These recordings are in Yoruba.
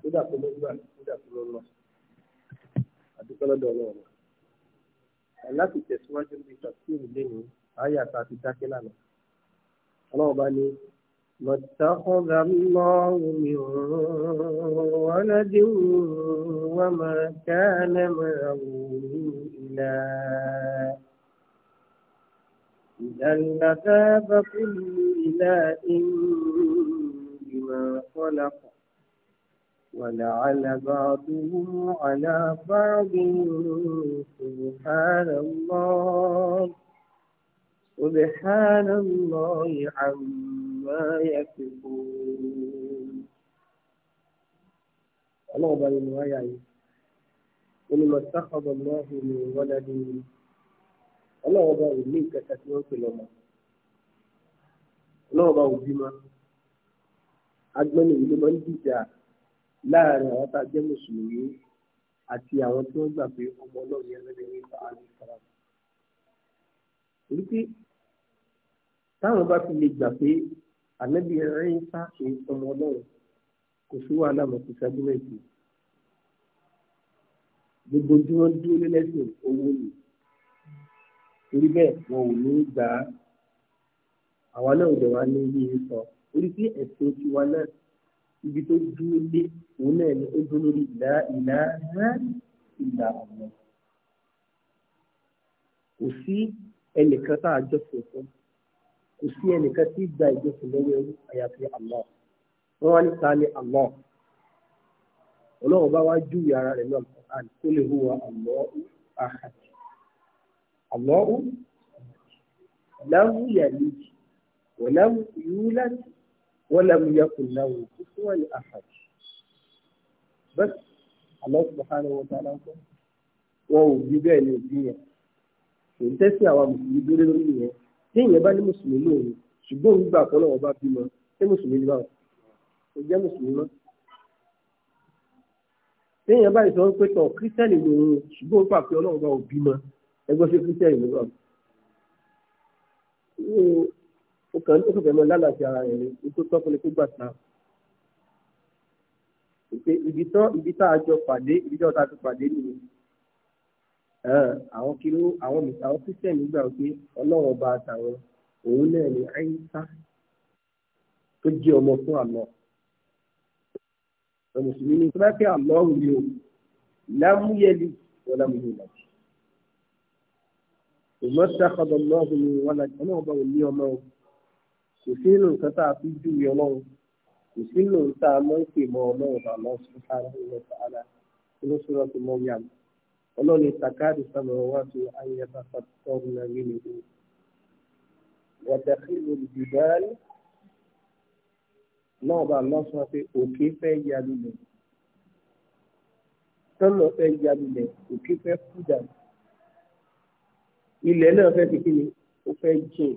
kódà tó ló gbà kódà tó ló lọ àdúgbò lọ́dọ̀ ọlọ́run láti tẹ̀síwájú ní tafsir lẹ́nu àyà tá a ti dákẹ́ lánàá ọlọ́run bá ní متخذ الله من ولد وما كان معه من إله إذا لذاب كل إله ما خلق ولعل بعضهم على بعض سبحان الله سبحان الله عما يكفرون الله بين ويعي ولما اتخذ الله من ولد الله بين ليك تسمع كلمه الله بين agbẹ́ni yìí ló máa ń dìjà láàrin àwọn tá a jẹ́ mùsùlùmí àti àwọn tí wọ́n gbà pé ọmọ ọlọ́run yẹn lẹ́nu ní ààrẹ ìfarahàn. wípé táwọn bá fi lè gbà pé ànábì ẹ̀rín sá kìí sọmọ ọlọ́run kò sí wàhálà mọ̀ sí sábúrẹ́ẹ̀tì gbogbo tí wọ́n dúró lé lẹ́sìn owó ni torí bẹ́ẹ̀ wọn ò ní gbà á àwa náà ò wá ní yíyí sọ orí pé ẹ̀sìn tiwa náà ibi tó dúró lé òun náà ni ó dúró lórí ìlà ìlà ìlà ọ̀nà kò sí ẹnìkan tá a jọ́sìn fún kò sí ẹnìkan tí gba ìjọsìn lọ́wọ́ ẹrú àyàfi Allah wọ́n wá níta ní Allah ọlọ́run bá wá júwe ara rẹ̀ náà Qur'an kó lè hùwà Allahu ahad Allahu lam yalid wa lam yulad. ولم يكن له كفوا أحد بس الله سبحانه وتعالى wọ́n ò bí bẹ́ẹ̀ ni òbí yẹn kò ń tẹ́sí àwa mùsùlùmí dúró lórí yẹn tí èèyàn bá ní mùsùlùmí lóòrùn ṣùgbọ́n òun gbà pọ́ lọ́wọ́ bá bímọ ṣé mùsùlùmí ni báwọn kò jẹ́ mùsùlùmí mọ́. tí èèyàn bá ìsọ̀rọ̀ pé tọ̀ kírísítẹ́nì lòun ṣùgbọ́n òun pàpẹ́ ọlọ́wọ́ bá òbí mọ́ ẹgbẹ́ ṣe kírísítẹ́nì ló kan tó fẹ́ mọ lálàáfíà ara rẹ̀ ni tó tọ́ fún ni kó gbà sàn. pé ibi tán ibi tá a jọ pàdé ibi tá a ti pàdé nìyẹn. àwọn kiri àwọn àwọn kristian gbà pé ọlọ́run ọba àtàwọn òun náà ni àyíká tó jẹ́ ọmọ fún àlọ́. mùsùlùmí ni tó bá fẹ́ àlọ́ òun ni o lámúyẹ̀lì wọ́n lámúyẹ̀lì àti ìmọ̀ta kọ́dọ̀ lọ́ọ̀hún ni wọ́n lájọ́ náà bá wọ́n ní ọmọ òun kò sínú nǹkan tá a fi júwe ọlọ́run kò sínú nǹkan tá a mọ̀ ń pè mọ́ ọlọ́run àmọ́ subhanahu wa ta'ala ló sọ̀rọ̀ tó mọ́ yàm ọlọ́run ní takari sábàá wá sí ayẹyẹ pàtàkì nàbí nìyí wàdàkìlù jùdáàlì náà bá lọ́sọ̀ pé òkè fẹ́ ya lulẹ̀ tọ́lọ̀ fẹ́ ya lulẹ̀ òkè fẹ́ kú dà ilẹ̀ náà fẹ́ fi kí ni ó fẹ́ jìn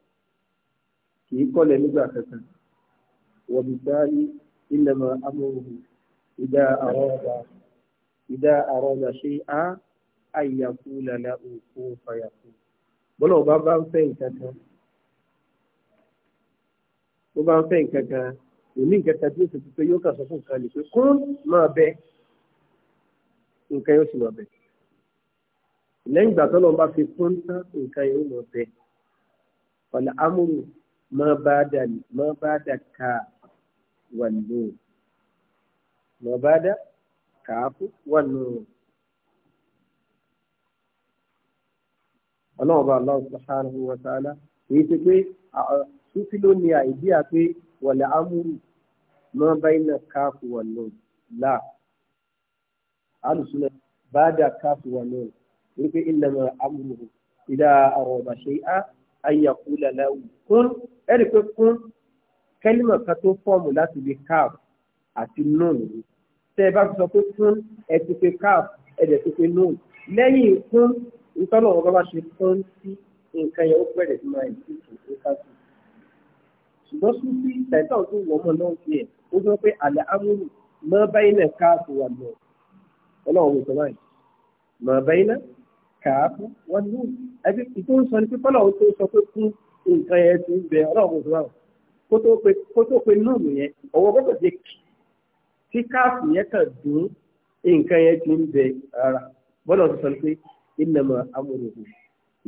kì í kọ́lẹ̀ nígbà kankan wọ̀bìtáyì ilẹ̀mọ̀ amóhùn ìdá àrọ́ọ̀dà ìdá àrọ́ọ̀dà ṣe á àyàkú lànà òkú fàyàkú bọ́lá ọba bá ń fẹ́ nǹkan kan ó bá ń fẹ́ nǹkan kan òní nǹkan kan tí ó sì ti pé yóò kà sọ fún nǹkan lè pé kún máa bẹ nǹkan yóò sì máa bẹ lẹ́yìn ìgbà tó lọ́n bá fi kún tán yóò máa bẹ ọ̀là amóhùn. ما بعد ما بعد كا والنور ما بعد كاف والنور ọlọ́run ọba aláwọ̀ subhanahu wa ta'ala èyí ti pé sufi ló ní àìdí àpé wọ̀lẹ̀ amúrù máa bá iná káàfù wà náà là alùsùnà bá dà káàfù wà náà wípé ìlànà amúrù ìdá àwọn ọ̀bà ṣe á ayakula lawu kún ẹ̀rí pé kún kẹ́límà kan tó fọ́ọ̀mù láti ibi káàf àti nùn tẹ́ ẹ bá sọ pé kun ẹ ti pe káàf ẹ dẹ̀ ti pe nùn lẹ́yìn kún nítorí àwọn bàbá ṣe kún sí nǹkan yẹn ó bẹ̀rẹ̀ sí máa ìdí ìṣòro káàtó ṣùgbọ́n sún sí tẹ̀sán tó wọ̀ ọmọ náà fi ẹ̀ ó sọ pé àlẹ́ amúlù mọ́ báyìí náà káàtó wà lọ ọlọ́run ò báyìí mọ́ báyìí náà kàáfù wọ́n ní ẹbí ìtò ń sọ ní pípọ́ náà ó tó sọ pé fún nǹkan yẹn ti ń bẹ ọlọ́run òṣùwà kó tó pe nọ́ọ̀mù yẹn ọwọ́ gbọ́dọ̀ ti kí káàfù yẹn kàn dùn nǹkan yẹn ti ń bẹ rárá bọ́lá ti sọ pé ìnàmọ̀ amòròhùn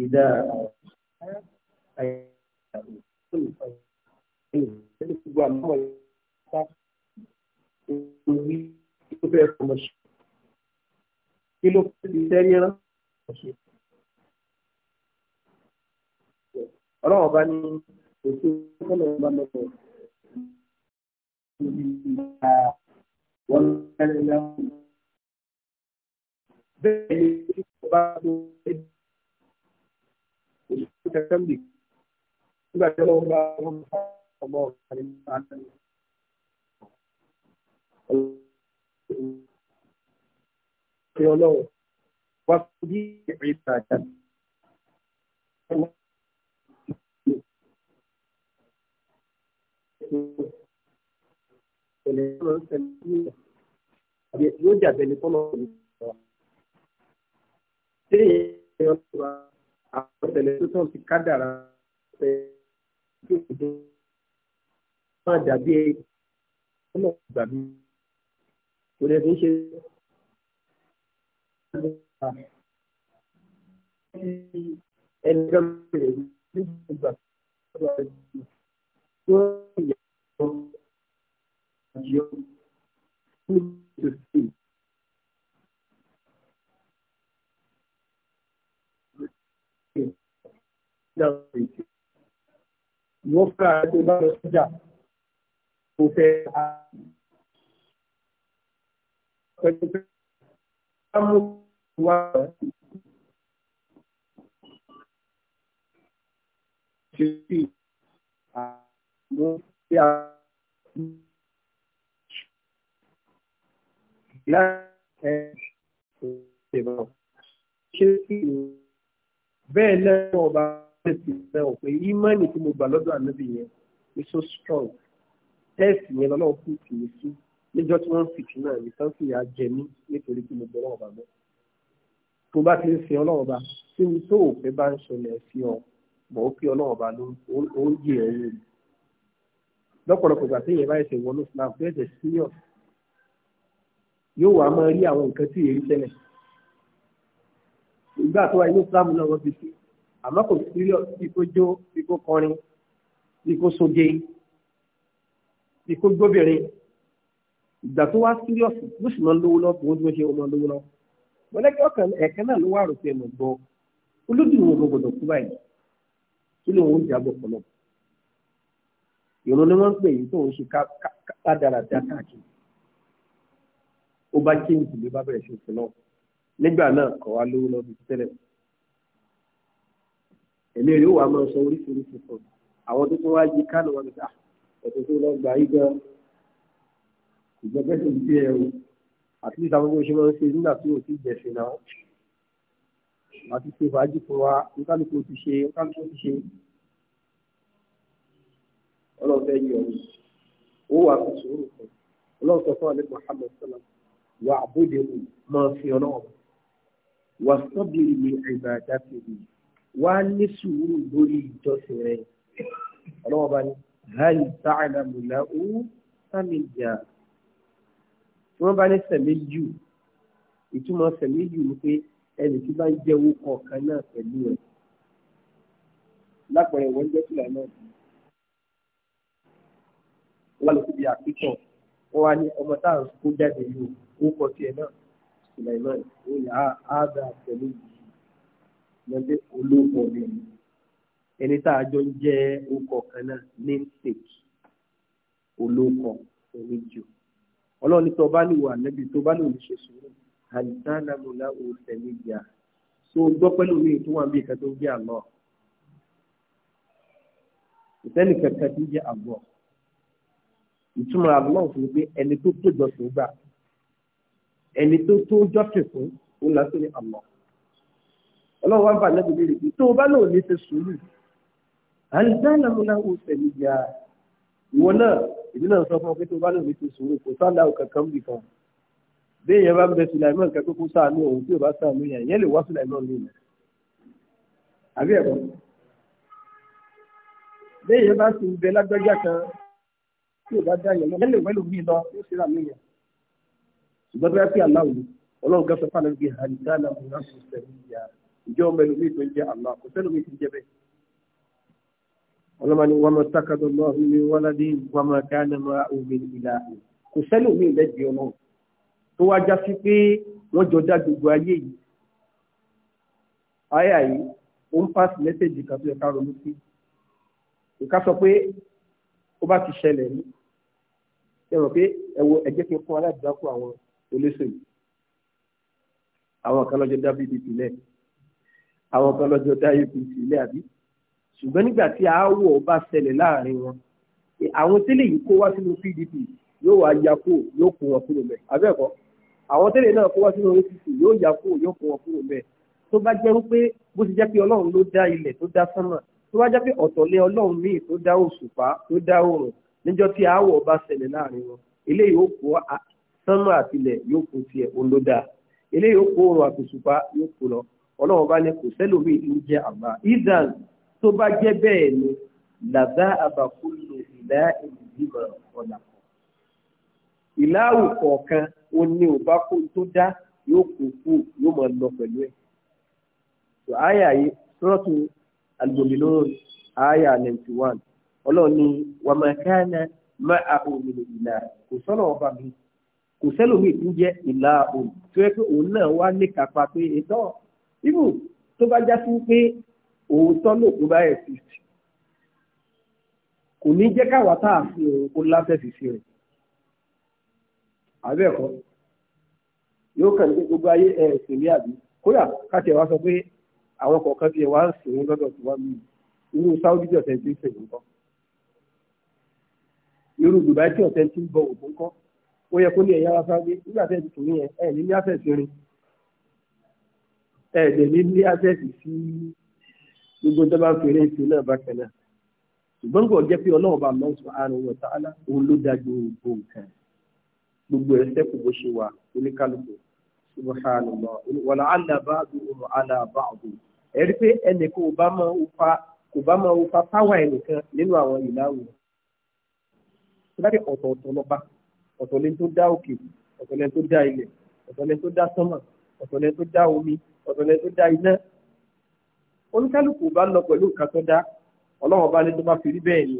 ìdá Kí ló fi ṣẹ́rí rán? ọlọ́run ọba ní ètò ìfọ́nà ọba lọ́wọ́ wọn lẹ́yìn lẹ́yìn bẹ́ẹ̀ ni ọba tó ẹbí òṣìṣẹ́ kẹkẹ́ ń bì nígbà tí ọlọ́run bá wọn bá ọmọ ọ̀gá ní àná. Ọlọ́run. وقضي عبادة yóò jà bẹni kọ́nà ọ̀rọ̀ tí èèyàn tó bá àwọn ìṣẹ̀lẹ̀ tó tàn ti kádàrá pé kí ẹni kan Wọ́n fún ara tó bá lọ sọ́jà kò fẹ́ ara. Pẹ̀lú pé wá ṣe sí àwọn tí a láti ṣèbọ̀ ṣe sí bẹ́ẹ̀ lẹ́nu ọba tẹ̀sí rẹ̀ ò pé ímánì tí mo gbà lọ́dọ̀ ànábì yẹn is so strong tẹ́ẹ̀sì yẹn lọ́lọ́wọ́ fún ìtìmí sí níjọ́ tí wọ́n ń fìtì náà nìkan sì yà á jẹ mí nítorí tí mo gbọ́ lọ́wọ́ bàbá tó bá ti ń sin ọlọ́run ba tí mi tó òfẹ́ bá ń ṣẹlẹ̀ sí ọ mọ̀ ó pé ọlọ́run ba ló ó ń jẹ ẹ̀yìn mi lọ́pọ̀lọpọ̀ ìgbà téèyàn bá ẹsẹ̀ wọnú Islam fún ẹ̀jẹ̀ serious yóò wá máa rí àwọn nǹkan tí èyí ṣẹlẹ̀ ìgbà tó wà inú Islam náà wọ́n ti ṣe àmọ́ kò serious bí kò jó bí kọrin bí soge bí gbóbìnrin ìgbà tó wá serious bó sì máa ń lówó lọ bí wọ́n ti ṣe ọmọ lówó lọ́wọ́ mọ̀lẹ́kẹ́ ọ̀kan ẹ̀kẹ́ náà ló wà rò pé mo gbọ́ olódùn wọn gbọdọ̀ kú báyìí kí ló ń jábọ̀ pọ̀lọ̀ ìrún ni wọ́n ń pè yìí tó ń ṣe kádàràdà káàkiri ó bá kéńtì ló bá bẹ̀rẹ̀ ṣe òfin náà nígbà náà kọ̀ wá lówó lọ́ọ́ fi tẹ́lẹ̀ ẹ̀mí rẹ̀ ó wà máa sọ oríṣiríṣi fún àwọn tó tún wá yí kánò wọn níta ah, ẹ̀sìn tó lọ gbà yí gan ìjọba ẹ̀sìn tí ẹ̀ àti bí ìsàmúgbó ṣe máa ń ṣe nígbà tí ò ti jẹ̀sìn náà àti ṣe fàájì fún wa nkálukú ti ṣe nkálukú ti ṣe ọlọ́fẹ́ yọ ọ́ ó wà fi sùúrù fún ọlọ́run sọ fún alẹ́ Muhammad sallam wà àbúdé mu máa fi ọlọ́run wà sọ́bìrì ní ìbàdà tèmi wà ní sùúrù lórí ìjọsìn rẹ̀ ọlọ́run bá ní hàlì sáà nàmùlá ó sàmìjà wọ́n bá ní sẹ̀méjù ìtumọ̀ sẹ̀méjù ni pé ẹnì tí bá ń jẹ́wọ́ kọ̀ọ̀kan náà pẹ̀lú ẹ̀ lápẹ̀rẹ̀ wọ́n jẹ́ fìlà náà wọ́n lọ síbi àpítọ̀ wọ́n wá ní ọmọ táà ń kó jáde yìí ó kọ tiẹ̀ náà fìlà náà ó yà á dà pẹ̀lú yìí lọ́dẹ olóòpọ̀ rẹ̀ ẹni tá a jọ ń jẹ́ okọ̀ kan náà ní sèkì olóòpọ̀ oníjù ọlọ́run ní tó bá ní ìwà nẹ́bí tó bá ní òní ṣe sùúrù àìsánàmùlá òòsẹ̀ níjà tó gbọ́ pẹ́lú mi tó wà ní ìka tó ń jẹ́ àlọ́ ìsẹ́nì kankan tó ń jẹ́ àlọ́ ìtumọ̀ àlọ́ fún pé ẹni tó tó jọ́sìn gbà ẹni tó tó jọ́sìn fún òun lásán ní àlọ́ ọlọ́run wá ń bà nẹ́bí léèrè pé tó bá ní òní ṣe sùúrù àìsánàmùlá òòsẹ̀ níjà ìwọ náà èmi náà sọ fún ọ pé tó bá lè ní ti sùúrù kò sáàlà òkè kan bì kan bí èèyàn bá ń bẹ Sulaiman kẹ pé kó ṣàánú òun tí ò bá ṣàánú yẹn ìyẹn lè wá Sulaiman nínú àbí ẹ̀kọ́ bí èèyàn bá ti ń bẹ lágbájá kan tí ò bá dá yẹn lọ lè wẹ́lò mí lọ ó ṣe rà mí yẹn ṣùgbọ́n bí wọ́n fi àlá òun ọlọ́run gẹ́fẹ́ fún àlejò àdìsá náà mo rán sí ọlọ́mọ ni wọ́n mọ tákàdọ̀ lọ ilé wọ́ládé wọ́n mọ dáná mọ́ omi ìlà kò sẹ́lẹ̀ omi ìlẹ́jì ọmọ tó wá já sí pé wọ́n jọ dá gbogbo ayé yìí ayé yìí ó ń pass message kan tó ronú sí ìka sọ pé ó bá ti ṣẹlẹ̀ ní ẹ̀rọ pé ẹ̀wọ̀ ẹ̀jẹ̀ fi fún aládùúgbò àwọn olóṣèlú àwọn kan lọ́jọ́ dá PDP lẹ̀ àwọn kan lọ́jọ́ dá APC lẹ̀ àbí ṣùgbọ́n nígbà tí aáwọ̀ bá ṣẹlẹ̀ láàrin wọn àwọn tẹ́lẹ̀ yìí kó wá sínú PDP yóò wá ya kó yóò kó wọn kúrò bẹ́ẹ̀ abẹ́ẹ̀kọ́ àwọn tẹ́lẹ̀ náà kó wá sínú APC yóò ya kó yóò kó wọn kúrò bẹ́ẹ̀ tó bá jẹ́ wípé bó ti jẹ́ pé ọlọ́run ló dá ilẹ̀ tó dá sánmà tó bá jẹ́ pé ọ̀tọ̀lẹ́ ọlọ́run míì tó dá òṣùpá tó dá òrùn níjọ́ tí aáwọ̀ bá ṣẹlẹ̀ láàrin wọn eléyìí ó kó sánmà àtìlẹ̀ yóò kó tiẹ̀ tó bá jẹ́ bẹ́ẹ̀ ni làbá àbàkúlò ìlà ìdìbò ọ̀nà kan. ìláwù kọ̀ọ̀kan ó ní òbá kó tó dá yóò kó kú yóò máa lọ pẹ̀lú ẹ̀. tó àyà yìí sọ́ọ̀tù al-mu'minun àyà ninety one ọlọ́run ní wa ma kana ma'ahu min ilah kò sọ́nà ọba mi kò sẹ́lòmíì tí jẹ́ ìlà òun tó yẹ pé òun náà wá ní kápá pé ètò ibù tó bá já sí pé òótọ́ lòkú bá exist kò ní jẹ́ káwa tá a fi òun kó láfẹ̀sì sí rẹ̀ àbẹ́ẹ̀kọ́ yóò kàn ní gbogbo ayé ẹ̀ ẹ̀sìn ní àbí kódà káti ẹ̀ wá sọ pé àwọn kọ̀ọ̀kan ti ẹ̀ wá ń sìn lọ́dọ̀ tí wọ́n mú irú Saudi tí ọ̀tẹ̀ ti ń sìn nǹkan irú Dubai tí ọ̀tẹ̀ ti ń bọ òkú nǹkan ó yẹ kó ní ẹ̀yà wáṣá gbé nígbà tẹ́ ti tò ní ẹ̀ ẹ̀ ní ní àfẹ̀sì rin ẹ̀ ní ní àfẹ̀sì sí gbogbo tó bá fèrè ètò náà bákan náà ṣùgbọ́n kò jẹ́ pé ọlọ́run bá Allah subhanahu wa ta'ala òun ló dájú gbogbo nǹkan gbogbo ẹ̀ṣẹ̀ kò bó ṣe wà oníkálukú subhanallah wàlá àlàbà àdúgbò àlàbà àdúgbò ẹ̀rí pé ẹnì kò bá máa ń fa kò bá máa ń fa táwa ẹnìkan nínú àwọn ìlàwọ̀ láti ọ̀tọ̀ọ̀tọ̀ lọ́ba ọ̀tọ̀lẹ́ tó dá òkè ọ̀tọ̀lẹ́ tó dá ilẹ̀ ọ̀tọ̀lẹ́ tó dá sánmà ọ̀tọ̀lẹ́ tó dá omi ọ̀tọ̀lẹ́ tó dá iná oníkálukú bá lọ pẹ̀lú nǹkan tó dá ọlọ́run bá ní tó bá fi rí bẹ́ẹ̀ ni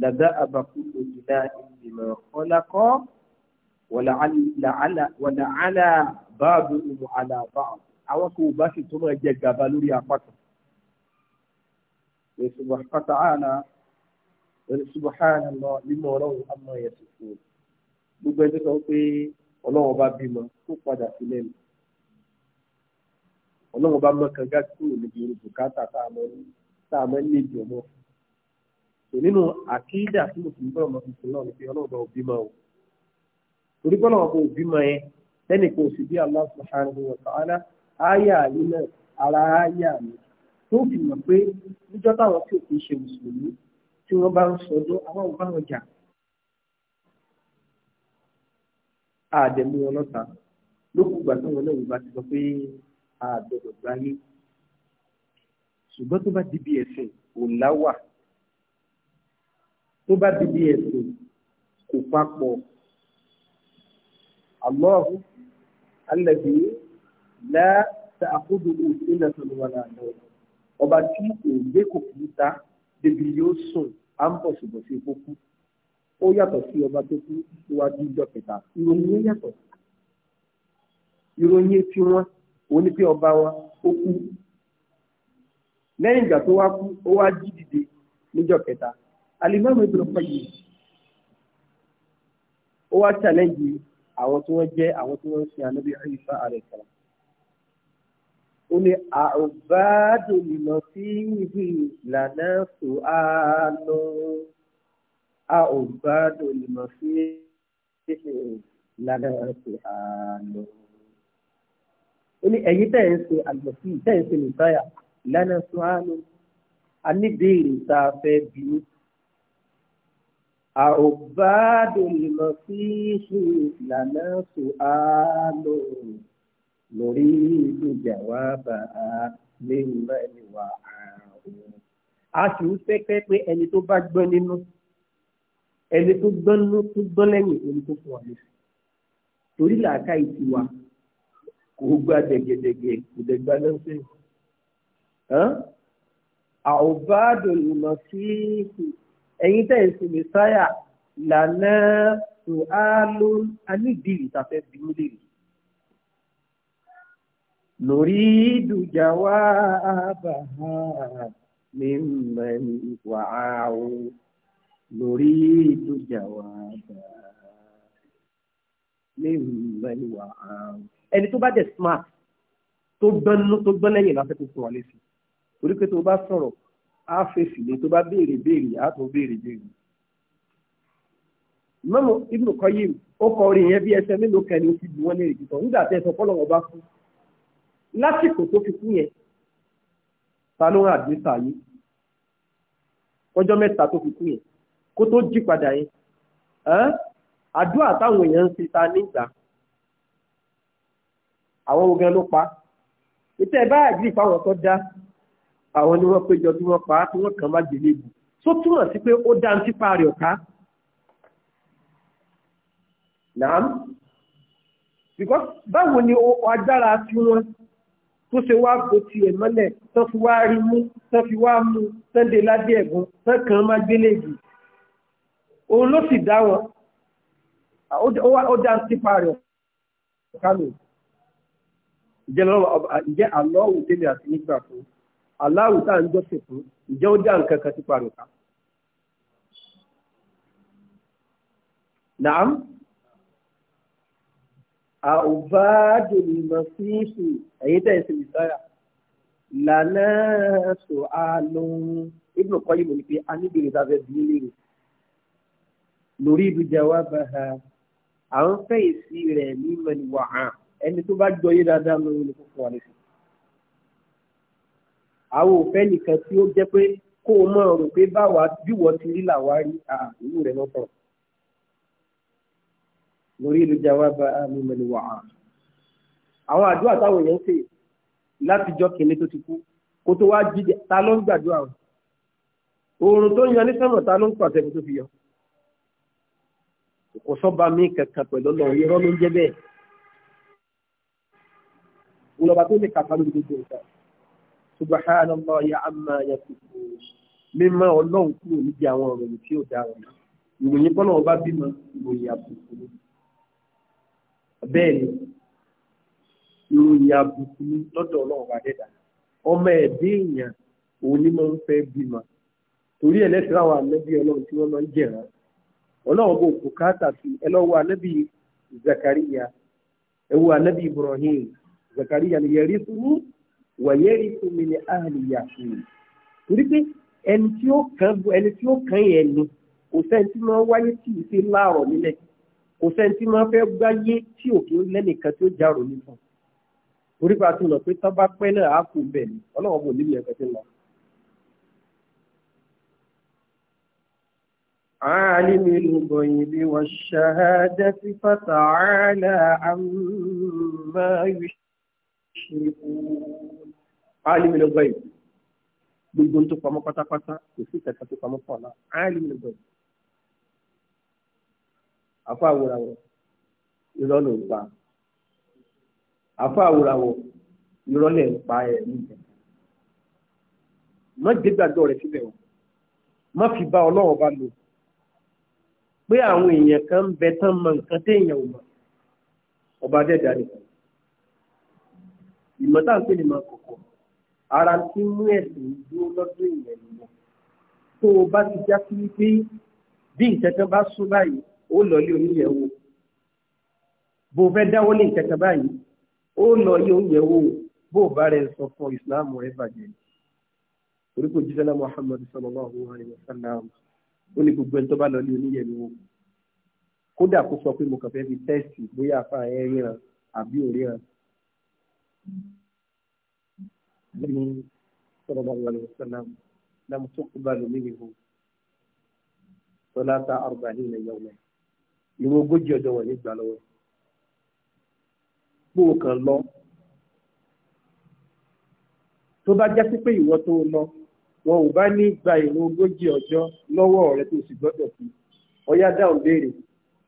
dàda àbàkù òjìlá ìgbìmọ̀ ọlákọ́ wàlàálà báàbù ìmọ̀ àlàbà àwọn kò bá sì tó máa jẹ gàba lórí apákan. ìṣùgbọ́n pátá àná subahana lọ nínú ọlọ́run àmọ́ ẹ̀sìn gbogbo ẹjọ́ sọ pé ọlọ́run bá bímọ tó padà sílẹ̀ nù ọlọ́run bá mọ́kàn gá kúrò níbi irúgbò káàtà tá a mọ́ ní èdè ọmọ fún un nínú àkídà tí mo fi ọmọ tuntun náà ni pé ọlọ́run bá òbí mọ́ o torí pé ọlọ́run bá òbí mọ́ ẹ lẹ́nìkan òsì bí Allah subhanahu wa ta'ala áyà yìí náà ara áyà mi tó fi mọ̀ pé níjọ́ táwọn tí òkú ṣe mùsùlùmí tí wọ́n bá ń sọdọ́ àwọn ò bá wọn àdẹ̀mú wọn lọ́ta lókùgbà táwọn àgbọ̀dọ̀ gbáyé ṣùgbọ́n tó bá di bí ẹ̀sìn kò láwà tó bá di bí ẹ̀sìn kò papọ̀ Allahu alladhi la ta'khudhuhu sinatun wala nawm ọba tí òǹgbẹ kò kú ta débi yóò sùn á ń bọ̀ ṣùgbọ́n sí epo kú ó yàtọ̀ sí ọba tó kú síwájú ìjọ kẹta ìròyìn yàtọ̀ ìròyìn tí òun ni pé ọba wọn ó kú lẹ́yìn ìgbà tó wá kú ó wá jí dìde níjọ́ kẹta alimami tó pẹ́ yìí ó wá challenge àwọn tí wọ́n jẹ́ àwọn tí wọ́n ń sin anabi ayisa alẹ́kọ̀ọ́ ó ní àbádò sí ibi ìlànà tó á lọ àbádò sí ìlànà tó á lọ ó ní ẹ̀yin tẹ̀ ń ṣe àgbọ̀fí tẹ̀ ń ṣe nìbáyà ìlànà sùnánù a ní béèrè tá a fẹ́ bí i. àròbádùn lọ sí ìlànà sùnánù lórí ìjàwá bá a lẹ́yìn mẹ́rin wà á a sì ń fẹ́ pé ẹni tó bá gbọ́n nínú ẹni tó gbọ́n nínú tó gbọ́n lẹ́yìn ẹni tó fún wa lẹ́sìn torí làákà ìtiwa kò gba dẹ̀gẹ̀dẹ̀gẹ̀ kò dẹ̀ gba lọ́sẹ̀. àwòbáàdò ìmọ̀ sí ẹ̀yin tẹ̀ sí mẹ́sáyà lànà ṣùhálù anídìrí tàfẹ́ bímúlẹ̀ rí. نريد جوابها ممن وعاوا نريد جوابها ممن وعاوا ẹni tó bá dẹ̀ smart tó gbọ́nú tó gbọ́n lẹ́yìn láti kó fún wa lé sí torí pé tó bá sọ̀rọ̀ á fèsì lé tó bá béèrè béèrè á tó béèrè béèrè. Ìmáàmù Ibn Qayyim ó kọ orin yẹn bí ẹsẹ̀ mélòó kẹ́ni ó fi bí wọ́n léèrè jùlọ nígbà tẹ́ sọ fọ́lọ́ ọba fún lásìkò tó fi kú yẹn ta ló rà dé sàyé ọjọ́ mẹ́ta tó fi kú yẹn kó tó jí padà yẹn àdúrà táwọn èèyàn ń ṣe ta nígbà àwọn ogun ló pa ìtẹ́ bá àgírí fáwọn tó dá àwọn ni wọ́n péjọ tí wọ́n pa tí wọ́n kàn má gbélé bù tó túmọ̀ sí pé ó dá nípa rẹ̀ ọ̀ká nàám because báwo ni agbára tí wọ́n tó ṣe wá bo tiẹ̀ mọ́lẹ̀ tó fi wá rí mú tó fi wá mú tó dé ládé ẹ̀gún tó kàn má gbélé bù òun ló sì dá wọn ó dá nípa rẹ̀ ọ̀ká nìyí ǹjẹ́ aláwù tẹ́lẹ̀ àti nígbà fún aláwù tá à ń jọ́sìn fún ǹjẹ́ ó dá nǹkan kan sí paròkà. Naam, àwùbáàdù ìmọ̀síìsì ẹ̀yìn tẹ̀ sí ìsáyà lànà sọ àánú ibùdó kọ́ yìí mo ní pé a níbi ìdáfẹ́ bí léèrè lórí ibi jawab ha à ń fẹ́ èsì rẹ̀ ní mẹ́ni wàhán ẹni tó bá gbọ́ yé dáadáa lórí ni fúnfún wa lè fi. àwọn òfẹ́ nìkan tí ó jẹ́ pé kó o mọ̀ rò pé báwa bíwọ ti rí làwa rí àìwú rẹ̀ lọ́tọ̀. lórí ìlú jawaba àmì mẹ́lẹ̀ wà á. àwọn àdúrà táwọn èèyàn ń ṣe látijọ́ kìnínní tó ti kú kó tó wá jíjẹ ta ló ń gbàdúrà o. oòrùn tó ń yan ní sẹ́mọ̀ ta ló ń pàṣẹ kó tó fi yọ. kò sọ́ba mi kankan pẹ̀lú ọlọ́run irọ́ bẹ́ẹ̀. ولما تقول لك أفعل بجدك سبحان الله يا عما يصفون مما ولو كل جوان ومشيو دارنا ìròyìn bọ́lá ọba bímọ ìròyìn àbùkù ni bẹ́ẹ̀ ni ìròyìn àbùkù ni lọ́dọ̀ ọlọ́run ọba dẹ́dà ọmọ ẹ̀dẹ́ èèyàn òun ni máa ń fẹ́ bímọ torí ẹlẹ́sìn àwọn ànábì ọlọ́run tí wọ́n máa ń jẹ̀rán ọlọ́run bò kò káàtà sí ẹ lọ́wọ́ ànábì Zakariya ẹ Ibrahim Zakariya ni yẹrí sunu wọ̀nyẹ́rì sunu ni ahàlì yàtì torí pé ẹni tí ó kàn ẹni tí ó kàn yẹn ni kò sẹ́ni tí máa wáyé tí ì ṣe láàrọ̀ nílẹ̀ kò sẹ́ni tí máa fẹ́ gbáyé tí òkè lẹ́nìkan tí ó jàrò nípa torí pé a ti lọ pé tán bá pẹ́ náà á kù bẹ́ẹ̀ ni ọlọ́run kò níbi ẹ̀kọ́ tí lọ. عالم الغيب والشهادة فتعالى عما يشركون يشركون عالم الغيب gbogbo tó pamọ́ pátápátá kò sí kẹta tó pamọ́ fún ọ̀la áìlì ní bẹ́ẹ̀ afọ àwòràwọ̀ irọ́ ló ń pa afọ àwòràwọ̀ irọ́ lẹ̀ ń pa ẹ̀ níbẹ̀ má dé gbàgbọ́ rẹ̀ síbẹ̀ wọ̀ má fi bá ọlọ́wọ́ bá lò pé àwọn èèyàn kan ń bẹ tán mọ nǹkan téèyàn ò mọ̀ ọba dẹ́dà nìkan ìmọ̀ tá à ń pè ní ìmọ̀ kọ̀kọ̀ ara tí mú ẹ̀sìn dúró lọ́dún ìyẹn nìyẹn tó o bá ti já sí wípé bí ìtẹ̀tẹ̀ bá sún báyìí ó lọ ilé oníyẹ̀ wò bó o fẹ́ dáwọ́ ní ìtẹ̀tẹ̀ báyìí ó lọ ilé oníyẹ̀ wò bó o bá rẹ̀ sọ fún ìsìláàmù rẹ̀ bàjẹ́ torí kò jíṣẹ́ sallallahu alayhi wa sallam ó ní gbogbo ẹni tó bá lọ ilé oníyẹ̀ wò kódà kó sọ pé mo kàn fẹ́ fi tẹ́sì bóyá àfa ẹ̀ ríran àbí òríran بني صلى الله عليه وسلم لم تقبل منه صلاة أربعين يوما ìwọ ogójì ọjọ́ wà nígbà lọ́wọ́ gbówó kan lọ tó bá jásí pé ìwọ tó lọ wọn ò bá ní gba ìwọ ogójì ọjọ́ lọ́wọ́ rẹ tó sì gbọ́dọ̀ sí ọyá dáhùn léèrè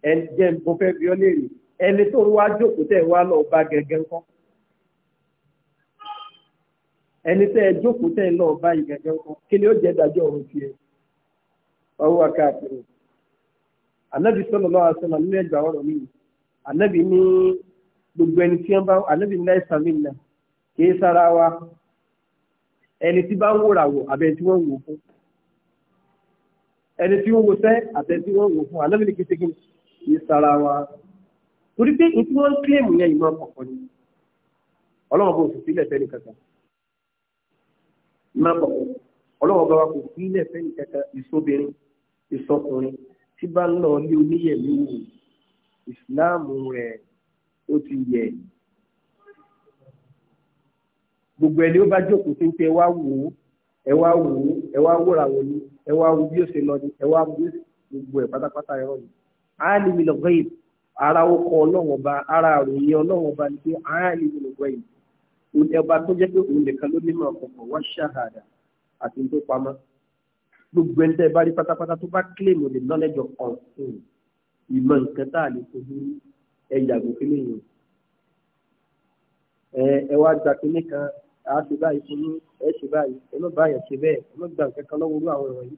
ẹni jẹ́ mo fẹ́ bi ọ́ léèrè ẹni tó wá jókòó tẹ̀ wá lọ bá gẹ́gẹ́ ńkọ́ ẹni tẹ́ ẹ jókòó tẹ́ ẹ lọ bá ìgbẹ̀jẹ̀ ọkọ kí ni ó jẹ́ dájọ́ ọ̀run tiẹ̀ ọwọ́ akáàkiri anabi sọlọ lọ́wọ́ asọ́nà nínú ẹgbà ọ̀rọ̀ mi anabi ní gbogbo ẹni tí wọ́n bá anabi ní láìsàn mí nà kì í sára wa ẹni tí bá ń wòrà wò àbẹ̀ tí wọ́n wò fún ẹni tí wọ́n wo sẹ́ àbẹ̀ tí wọ́n wò fún anabi ní kété kí ní sára wa torí pé ní tí wọ́n ń kílèmù yẹn ìmọ̀ ọ̀pọ̀ ni ọlọ́run bó sì sílẹ̀ fẹ́ nìkan kan mẹ́bọ̀ ọlọ́wọ́ bá wa kò fi ilẹ̀ fẹ́ nìkẹta ìsóbìnrin ìsọkùnrin tí bá ń lọ ní oníyẹ̀mí wò ìsìláàmù rẹ̀ ó ti yẹ̀ gbogbo ẹni ó bá jókòó tó ń tẹ wá wò ó ẹ wá wò ó ẹ wá wòrà wò ni ẹ wá wo bí ó ṣe lọ ni ẹ wá wo gbogbo ẹ pátápátá ẹ rọ ni áàlì mi lọ gbẹ̀yìn ara ó kọ ọlọ́wọ́n ba ara àròyìn ọlọ́wọ́n ba ni pé áàlì mi lọ gbẹ̀yìn. ọba tó jẹ́ pé òun nìkan ló nímọ̀ ọ̀kọ̀ọ̀kan wá ṣàhàdà àti tó pamọ́ gbogbo ẹni tẹ́ bá rí pátápátá tó bá claim the knowledge of all things ìmọ̀ nǹkan tá a lè fojú ẹ yàgò ẹ ẹ wá gba kan a ṣe báyìí fún yín ẹ ṣe báyìí ẹ má báyà ṣe bẹ́ẹ̀ ẹ má gba nǹkan kan lọ́wọ́ orú àwọn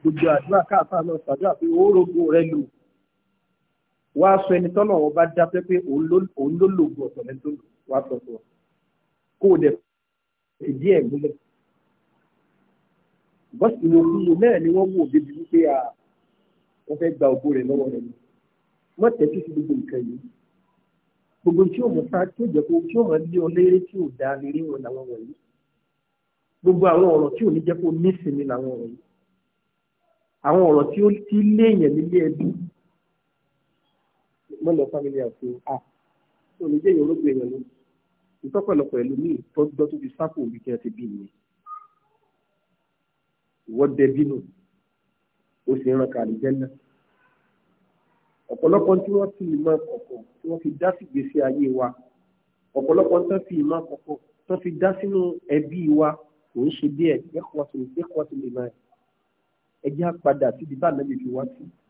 gbogbo àdúrà káàfáà náà ṣàdúrà rẹ lò wá sọ ẹni tọ́nà wọn bá dá pé òun ọ̀tọ̀ lẹ́nu tó lò wá sọ fún ọ kó o dẹ̀ ìdí ẹ̀ múlẹ̀ bọ́sì wo kúrò náà ni wọ́n wò débi wípé a wọ́n fẹ́ gba ògbó rẹ̀ lọ́wọ́ rẹ̀ ni wọ́n tẹ̀sí sí gbogbo nǹkan yìí gbogbo tí òun ta tí ó jẹ́ kó tí òun lé ọlẹ́rẹ́ tí ò dáa lè rí wọn làwọn wọ̀nyí gbogbo àwọn ọ̀rọ̀ tí ò ní jẹ́ kó nísìnyí làwọn wọ̀nyí àwọn ọ̀rọ̀ tí ó ti léèyàn nílé ẹbí mọ́ lọ family house o à ó lè jẹ́ èèyàn olóògbé èèyàn ni ìtọ́pọ̀lọpọ̀ ẹ̀lú míì tọ́jọ́ tó fi sápò òbí kí wọ́n ti bí mi ìwọ́ dẹbí o ó sì ń ran kàlí jẹ́nà ọ̀pọ̀lọpọ̀ tí wọ́n fi ìmọ̀ kọ̀kọ̀ tí wọ́n fi dá sí gbèsè ayé wa ọ̀pọ̀lọpọ̀ tí wọ́n fi ìmọ̀ kọ̀kọ̀ tí wọ́n fi dá sínú ẹbí wa kò ń ṣe díẹ̀ ẹ̀kọ́ wa tó lè máa ẹ̀jẹ̀ á padà síbi bá ànábì fi wá sí i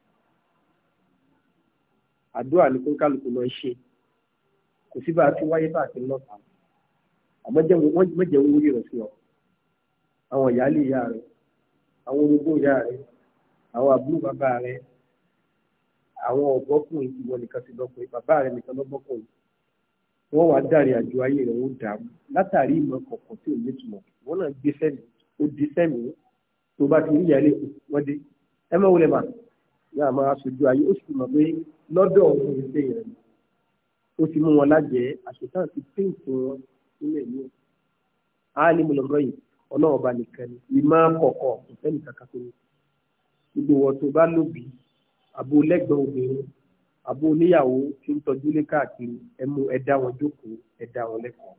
àdúrà ní kónkálukú máa ń ṣe kò sí bá a ti wáyé bá a ti ń lọ́ta àmọ́ mọ́jẹ̀ ń wúrí rẹ̀ sí ọ àwọn ìyáálé ìyá rẹ àwọn orogún ìyá rẹ àwọn àbúrò bàbá rẹ àwọn ọ̀bọ́kùnrin ìwọ nìkan ti lọ́kùnrin bàbá rẹ nìkan lọ́bọ́kùnrin wọ́n wá dárí àjò ayé rẹ̀ ó dààmú látàrí ìmọ̀ kọ̀ọ̀kan tí ò ní ìtumọ̀ wọ́n náà gbé sẹ́mi ó di sẹ́mi tó bá ti rí ìyáálé wọ́n dé ẹ mọ̀ wọlé màá yóò máa ṣojú ayé ó sì mọ̀ pé lọ́dọ̀ òun ṣe yẹn ó ti mú wọn lájẹ àṣetán ti pínkì wọn nílẹ̀ yìí áálímù lọ́gọ́ yìí ọlọ́run ọba nìkan ni ìmọ̀ kọ̀ọ̀kọ̀ kò fẹ́ nìkan kan tó ní gbogbo wọn tó bá lóbi àbò lẹ́gbọ̀n obìnrin àbò oníyàwó tí ń tọ́jú lé káàkiri ẹ mú ẹ dá wọn jókòó ẹ dá wọn lẹ́kọ̀ọ́.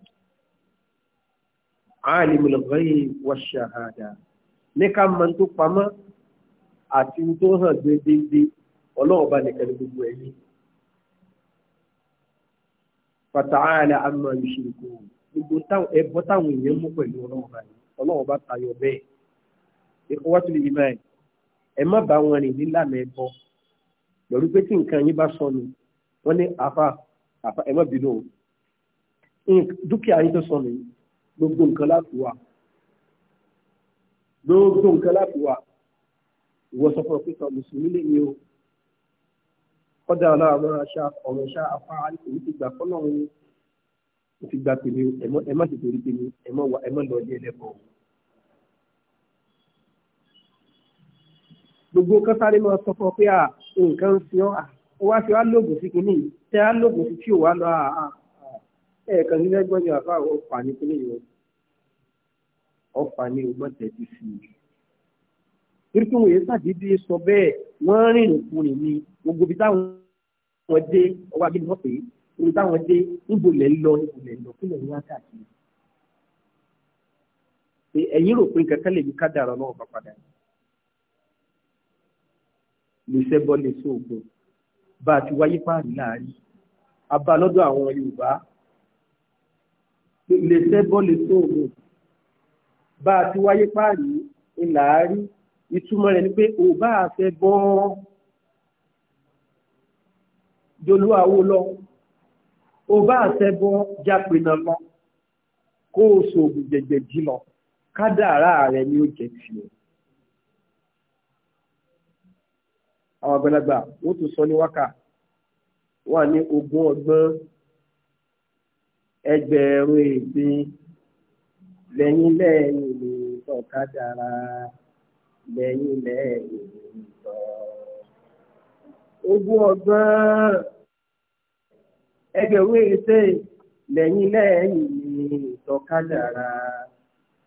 áálímù lọ́gọ́ yìí wọ́n ṣe àhàdà ní ká mọ tó pamọ́ àti tó hàn gbẹgbẹgbẹ ọlọ́run bá nìkan ní gbogbo ẹ̀yìn. Fata'ala amma yushrikun gbogbo ẹ̀bọ táwọn èèyàn mú pẹ̀lú ọlọ́run bá yìí ọlọ́run bá tayọ bẹ́ẹ̀. Ikhwatul iman ẹ má bá wọn rìn nílànà ẹ̀bọ lórí pé tí nǹkan yín bá sọnù wọ́n ní àfa àfa ẹ má bínú o. Dúkìá yín tó sọnù gbogbo nǹkan láti wà. Gbogbo nǹkan láti wà ìwọ sọ fún ọ pé sọ mùsùlùmí lè ní o kọ́dà ọlọ́run ọ̀rọ̀ ṣá afá èyí ti gbà fọ́nà òun mo ti gbà pèmí ẹ má tètè rí pèmí ẹ má wà ẹ má lọ ilé ẹlẹ́bọ̀. gbogbo kan sáré máa sọ fún ọ pé nǹkan ń fi ọ́ ọ wá fi wá lóògùn sí kínní tẹ á lóògùn sí tí ò wá lọ ẹ̀ẹ̀kan nílẹ̀ gbọ́njọ àfáà ọ̀pá ní kínní yìí ọ̀pá ní ọgbọ́n tẹ̀sí sí i torí pé wọn yẹn ṣàdédé sọ bẹ́ẹ̀ wọ́n rìn ìrìnkùnrin ni gbogbo ibi táwọn wọn dé ọwọ́ agbẹ́ni wọ́n pè é ibi táwọn dé níbo lẹ̀ ń lọ níbo lẹ̀ ń lọ kí lẹ́yìn wá káàkiri. ẹ̀yin rò pé kankan lè ní kádàrá náà bá padà lè sẹ́gbọ́n lè sí òògùn bá a ti wáyé páàrí láàárín abá lọ́dọ̀ àwọn Yorùbá lè sẹ́gbọ́n lè sí òògùn bá a ti wáyé páàrí láàárín ìtumọ̀ rẹ̀ ni pé ò bá fẹ́ bọ́ jolúwàwó lọ ò bá fẹ́ bọ́ jápinà lọ kó o sòògùn jẹ̀jẹ̀ jí lọ kádàrá rẹ̀ ni ó jẹ́ tiẹ̀. àwọn àgbàlagbà wọ́n tún sọ ní wákà wà ní ogún ọgbọ́n ẹgbẹ̀rún èdè lẹ́yìn lẹ́yìn ní ọ̀kadà rárá. lẹ́yìn lẹ́yìn tọ́. Ogún ọgbọ́n ẹgbẹ̀rún èsè lẹ́yìn lẹ́yìn tọ́ kádàrá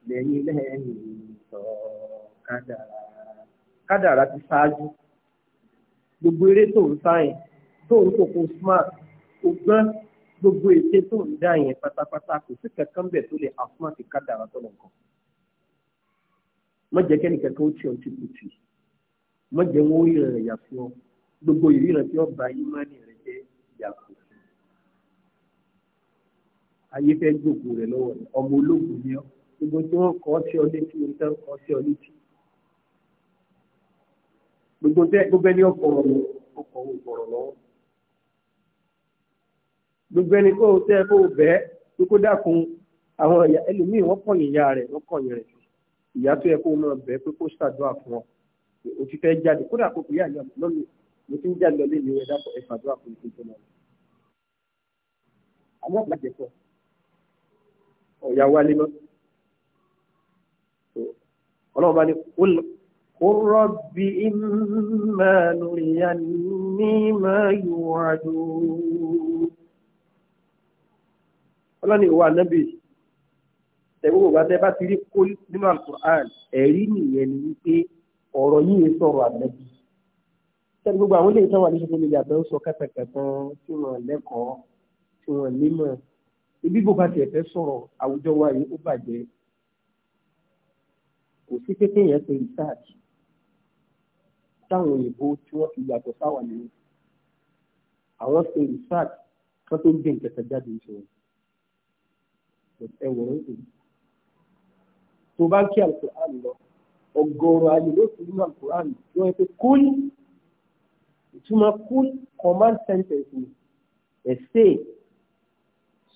lẹ́yìn lẹ́yìn tọ́ kádàrá. Kádàrá ti ṣáájú. Gbogbo eré tó ń sáyẹn tó ń kókó smart ọgbọ́n gbogbo ète tó ń dá yẹn pátápátá kò sí kankan bẹ̀ tó lè àfúnmáṣe kádàrá tó lọ kàn. má jẹ́ kẹ́nìkan kan ó tì ọ́ tí kò tì má jẹ́ wọn ó ríran rẹ̀ yà fún ọ gbogbo ìríran tí ó ba ìmánì rẹ̀ jẹ́ yà fún ọ. ayé fẹ́ gbogbo rẹ̀ lọ́wọ́ rẹ̀ ọmọ ológun ni ọ gbogbo tí wọ́n kọ́ sí ọ létí orí tán kọ́ sí ọ létí gbogbo tẹ gbogbo ẹni ọkọ̀ ọ̀rọ̀ ọkọ̀ ọ̀rọ̀ lọ́wọ́ gbogbo ẹni kó o tẹ kó o bẹ́ẹ̀ kó dákun àwọn ẹlòmíì wọ́n kọ̀yìn ìyá rẹ̀ wọ́n kọ̀yìn rẹ̀ ìyá tó yẹ kó náà bẹ̀ pé kó ṣàdúrà fún ọ o ti fẹ́ jáde kódà kó kúrẹ́ àyà lọ́mì mo ti ń jáde lọ́lé mi ẹ̀dá ẹ̀ ṣàdúrà fún mi tó lọ. àmọ́ ọ̀gá jẹ̀ ọ̀yà wálé mọ́ ọlọ́run bá ní kó rọ́bì ìmọ̀ọ́nù ìyá ní máa yọ̀ àdó. ọlọ́run ìwà nábì ẹ̀wọ́n bàbá tẹ́ bá ti rí kó nínú alukur'an ẹ̀rí nìyẹn ni wípé ọ̀rọ̀ yìí sọ̀rọ̀ ànábì sẹ́ni gbogbo àwọn eléyìí tó wà ní social media tó ń sọ kẹtẹkẹtẹ tí wọ́n lẹ́kọ̀ọ́ tí wọ́n nímọ̀ ibi bó bá tiẹ̀ fẹ́ sọ̀rọ̀ àwùjọ wa yìí ó bàjẹ́ kò sí pé kéèyàn ṣe research táwọn òyìnbó tí wọ́n fi yàtọ̀ sáwà ní àwọn ṣe research kan tó ń gbé nǹkan jáde ìṣòro ẹ̀wọ̀n ń pè é tó bá kí alukur'an lọ ọgọ́rùn ayé ló fi nínú alukur'an tí wọ́n pe kúl ìtumọ̀ kúl command sentence ni ẹ̀sẹ̀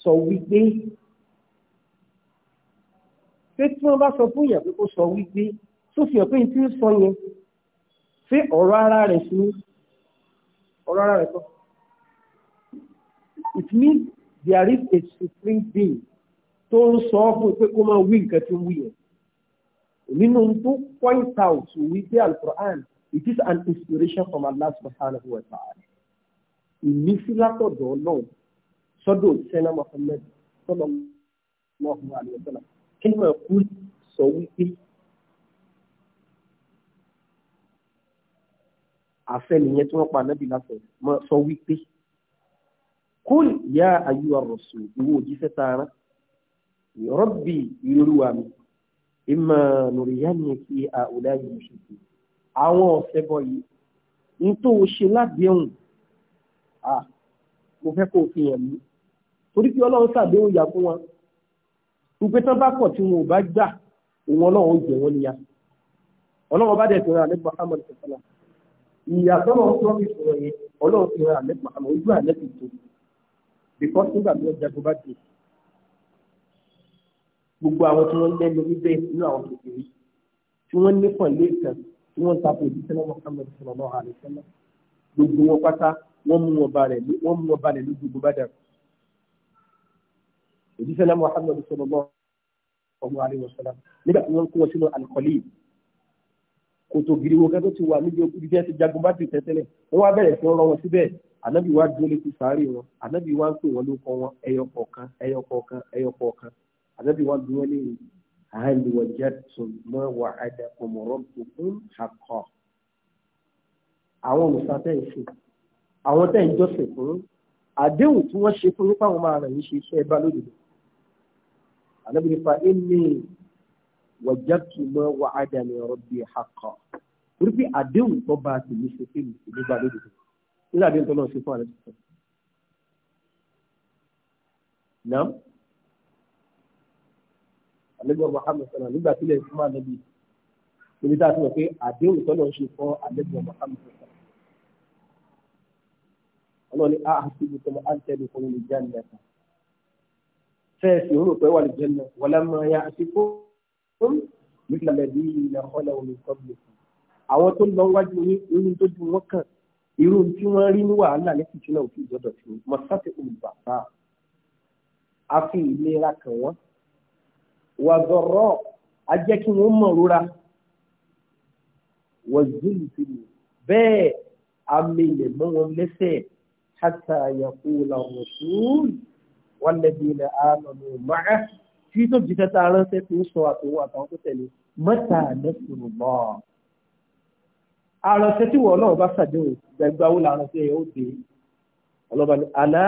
sọ wípé pé tí wọ́n bá sọ fún yàn pé kó sọ wípé tó fi hàn pé tí ń sọ yẹn pé ọ̀rọ̀ ara rẹ̀ sí ọ̀rọ̀ ara rẹ̀ sọ. it means there is a supreme being tó ń sọ fún pé kó máa wí nǹkan tí ń wí yẹn nínú tó point out wípé alukur'an it is an inspiration from Allah subhanahu wa ta'ala ìmísí látọ̀dọ̀ ọlọ́run sọ́dọ̀ sẹ́nà Muhammad sọ́dọ̀ mọ́hùn àlùyọ̀dọ́là kí ni wọ́n kú sọ wípé àfẹ́ nìyẹn tí wọ́n pa anábì lásán sọ wípé kúl yá ayú àròsùn ìwé òjíṣẹ́ tààrà rabbi ìrorúwa mi ìmọ̀ nùrìyàní kí àwòdá yìí ṣùgbọ́n àwọn ọ̀sẹ̀ bọ̀ yìí ní tó o ṣe ládéhùn à mo fẹ́ kó o fi hàn mí torí pé ọlọ́run ṣàdéhùn yà fún wọn wípé tán bá pọ̀ tí wọn ò bá gbà òun ọlọ́run ó jẹ wọn níyà ọlọ́run bá dẹ̀ fi hàn àlẹ́ Muhammad sọ̀tàlá ìyá tọ́lọ̀ ń tọ́ mi sọ̀rọ̀ yẹn ọlọ́run fi hàn àlẹ́ Muhammad ojú àlẹ́ tó bìkọ́ nígbà tí wọ́n jagun bá dé gbogbo àwọn tí wọ́n lẹ́nu wípé inú àwọn kékeré tí wọ́n nípọ̀ lẹ́ẹ̀kan tí wọ́n ń tapò ìdí sẹ́lẹ̀ Muhammad sallallahu alaihi wasallam gbogbo wọn pátá wọ́n mú wọn balẹ̀ wọ́n mú wọn balẹ̀ lójú gbogbo dàrú ìdí sẹ́lẹ̀ Muhammad sallallahu alaihi wasallam nígbà tí wọ́n kó wọn sínú alikọ́lì kòtò gidi wo kẹ́tọ́ ti wà níbi ibi jẹ́ ti jagun bá ti tẹ́tẹ́lẹ̀ wọ́n wá bẹ̀rẹ̀ sí ọ̀rọ̀ wọn síbẹ̀ ànábì wá dúró létí sàárè wọn ànábì wá ń pè wọn lóko wọn ẹyọ kọ̀ọ̀kan ẹyọ kọ̀ọ̀kan ẹyọ kọ̀ọ̀kan ànábì wọn bí wọn lè rí àhàlì wọjẹ tó mọ wà ẹdẹ ọmọọrọ tó fún àkọ àwọn olùsàtẹ ìsìn àwọn tẹ ń jọ́sìn fún àdéhùn tí wọn ṣe fún nípa àwọn máa ràn yín ṣe iṣẹ́ bá lódodo ànábì nípa ẹni wọjẹ tó mọ wà ẹdẹ ọmọọrọ bí àkọ orí pé àdéhùn tó bá tèmi ṣe fún ìlú bá lódodo nígbà àlẹ́gbẹ́ Muhammad sọ̀rọ̀ nígbà tí ilẹ̀ ń fún àlẹ́bí níbi tá a ti mọ̀ pé àdéhùn tọ́lọ̀ ń ṣe fún àlẹ́gbẹ́ Muhammad sọ̀rọ̀ ọlọ́ni a àti ibùsọ̀ mọ́ àǹtẹ̀lẹ̀ fún mi jẹ́ àlẹ́ kan fẹ́ẹ̀sì òun rò pé wà lẹ́jẹ̀ náà wọlé máa ya àti fún nígbà lẹ́bí ilẹ̀ ọ̀lẹ́ omi kọ́bìlì àwọn tó lọ wájú yín tó ju wọn kàn irú tí wọ́n rí ní wàhálà ní kìtìnà òfin ìjọdọ̀ tí mọ̀ sáfẹ́ olùbàbà àfi ìlera kàn wọ́n wàzọ̀rọ̀ ajẹ́ kí wọ́n mọ̀ rora wàzúlù sí mi bẹ́ẹ̀ àmì ilẹ̀ mọ́ wọn lẹ́sẹ̀ hàtà yaqula rasul walladina amanu ma'a tí tó jìtẹ́ tá a ránṣẹ́ tó ń sọ àtàwọn tó tẹ̀lé mata nasrullah àránṣẹ́ tí wọ́n náà bá ṣàdéhùn gbẹgbẹ́ àwọn àránṣẹ́ yẹn ó dé ọlọ́ba ní alá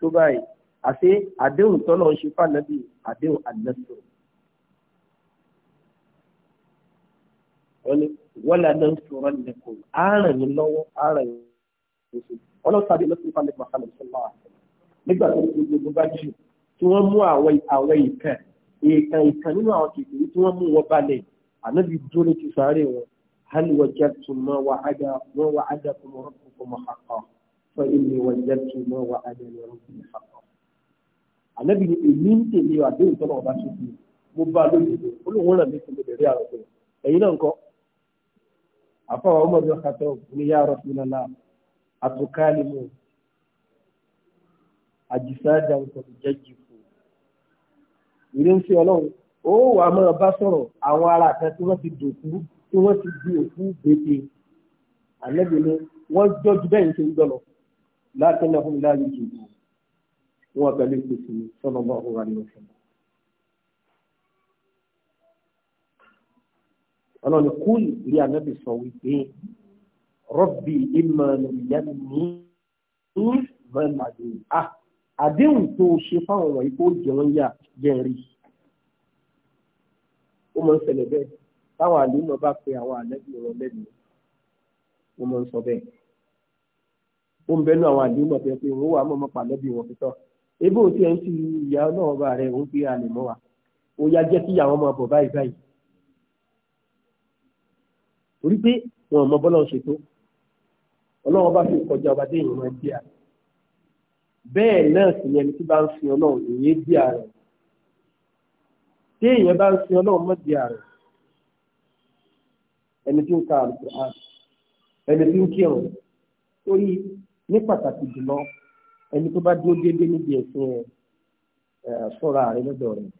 tó báyìí àti àdéhùn tọ́lọ̀ ń ṣe fànàbí àdéhùn àdẹ́sọ̀. wọ́n ní wọ́lá náà ń sọ̀rọ̀ lẹ́kọ̀ọ́ ààrẹ mi lọ́wọ́ ààrẹ mi lọ́wọ́ ọlọ́sàdé lọ́sùn fún alẹ́kùn àkàlẹ̀ sọ́lá nígbà tó ti gbogbo bá jù tí wọ́n mú àwọn ìkan ìkan ìkan nínú àwọn kìkìrì tí wọ́n mú wọn balẹ̀ ànábi dúró ti sáré wọn hali wọ́n jẹ́ tó mọ́ wàhádà mọ́ wàhádà kò mọ́ rọ́pò فإني وجدت ما وعد لربي حقا Ànábì ni èmi ń tèmi àdéhùn tọ́lọ̀ ọba ṣe fún mi. Mo bá a lójijì olóhùn náà mi kò lè rí àwọn ọ̀gbìn. Ẹ̀yin náà ń kọ́. Àfọwọ́ ọmọ mi ọ̀ka tọ́ ní yá ọ̀rọ̀ fún lọ́la. Àtúkálí mu. Àjìṣá dàrúkọ mi jẹ́jì fún. Ìrí ń fi ọlọ́run. Ó wà á máa bá sọ̀rọ̀ àwọn ará kan tí wọ́n ti dòkú tí wọ́n ti di òkú gbèdé. Ànábì ni wọ́n jọ́jú bẹ́ẹ̀ ń ṣe ń jọ lọ. لكنهم لا يجيبون وبلغ اسمه صلى الله عليه وسلم أنا نقول يا نبي صويبين ربي إما نريني ما العدو أه ah, àdéhùn tó ṣe fáwọn wọ̀nyí tó jẹun yà jẹ́rì ó máa ń ṣẹlẹ̀ bẹ́ẹ̀ táwọn àlùmọ̀ bá pe àwọn àlẹ́bí wọn lẹ́nu ó máa ń sọ bẹ́ẹ̀ ó ń bẹnu àwọn àdéhùn ọ̀tẹ̀ pé òun wà mọ̀mọ́ pàlẹ́bí wọn fitọ́ ebí òun ti ẹ̀ ń ti ìyá náà bá rẹ̀ òun fi àlè mọ́ wa ó yá jẹ́ kí àwọn ọmọ bọ̀ báyìí báyìí torí pé wọn ò mọ bọ́lá ṣètò ọlọ́run bá fi kọjá ọba dé ìrìn ẹbí à bẹ́ẹ̀ náà sì ni ẹni tí bá ń fi ọlọ́run ìyẹn bí ààrẹ tí èèyàn bá ń fi ọlọ́run mọ́ di ààrẹ ẹni tí ń ka àlùkò ààrẹ ẹni tí ń kírun torí ní pàtàkì jùlọ ẹni tó bá dúró déédéé níbi ẹ̀sìn ẹ̀ rẹ lọ́dọ̀ rẹ̀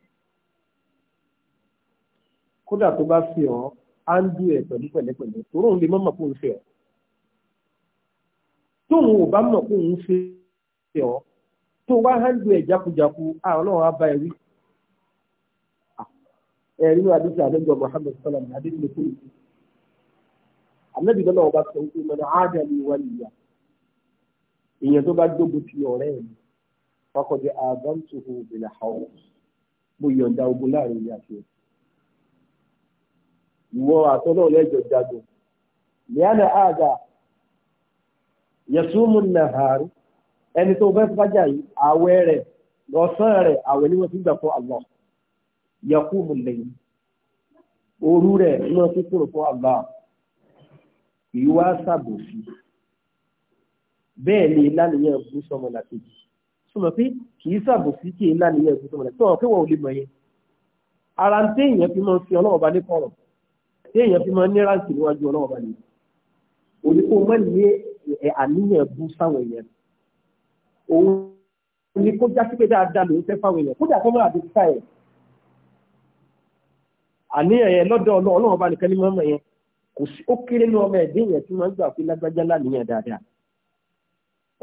kódà tó bá fi hàn á ń dú ẹ̀ pẹ̀lú pẹ̀lẹ́pẹ̀lẹ́ tòró ń lè kó ń fi ọ tóun ò bá mọ̀ kó ń fi ọ tó wá hàndù jákujáku á bá ẹ wí ẹ̀rí ní àdéjọ kúrò bá sọ wípé nìyà. ìyẹn tó bá gbógun ti ọ̀rẹ́ ẹ̀ fakọ̀dé àbámtuhu bìlà àwọn mo yọ̀ǹda ogun láàrin ilé àti ẹ̀. ìwọ àtọ́nà lẹ́jọ́ jagun lẹ́yìn àgà yẹ̀sùmù nàhàrí ẹni tó bẹ́ẹ̀ fàjà yìí àwẹ̀ rẹ̀ lọ́sàn rẹ̀ àwẹ̀ ni wọ́n fi gbà fún Allah yakumu lẹ́yìn òru rẹ̀ ni bẹ́ẹ̀ ni ìlànìyàn bú sọmọ làkejì sọmọ pé kì í sàbòsí kí ìlànìyàn bú sọmọ làkejì sọmọ pé wọn ò lè mọ yẹn ara ń téèyàn fi máa ń fi ọlọ́wọ́ bá ní kọ̀rọ̀ téèyàn fi máa ń nírà sí níwájú ọlọ́wọ́ bá ní òní kó má ní àníyàn bú sáwọn èèyàn òun ni kó já sí pé dáadáa lòún fẹ́ fáwọn èèyàn kódà kó má àdúgbò ẹ̀ àníyàn yẹn lọ́dọ̀ ọlọ́wọ́ bá nìkan ní mọ́mọ́ yẹn kò sí ó kéré ní ọmọ ẹ̀dínyàn tí wọ́n gbà pé lágbájá láníyàn dáadáa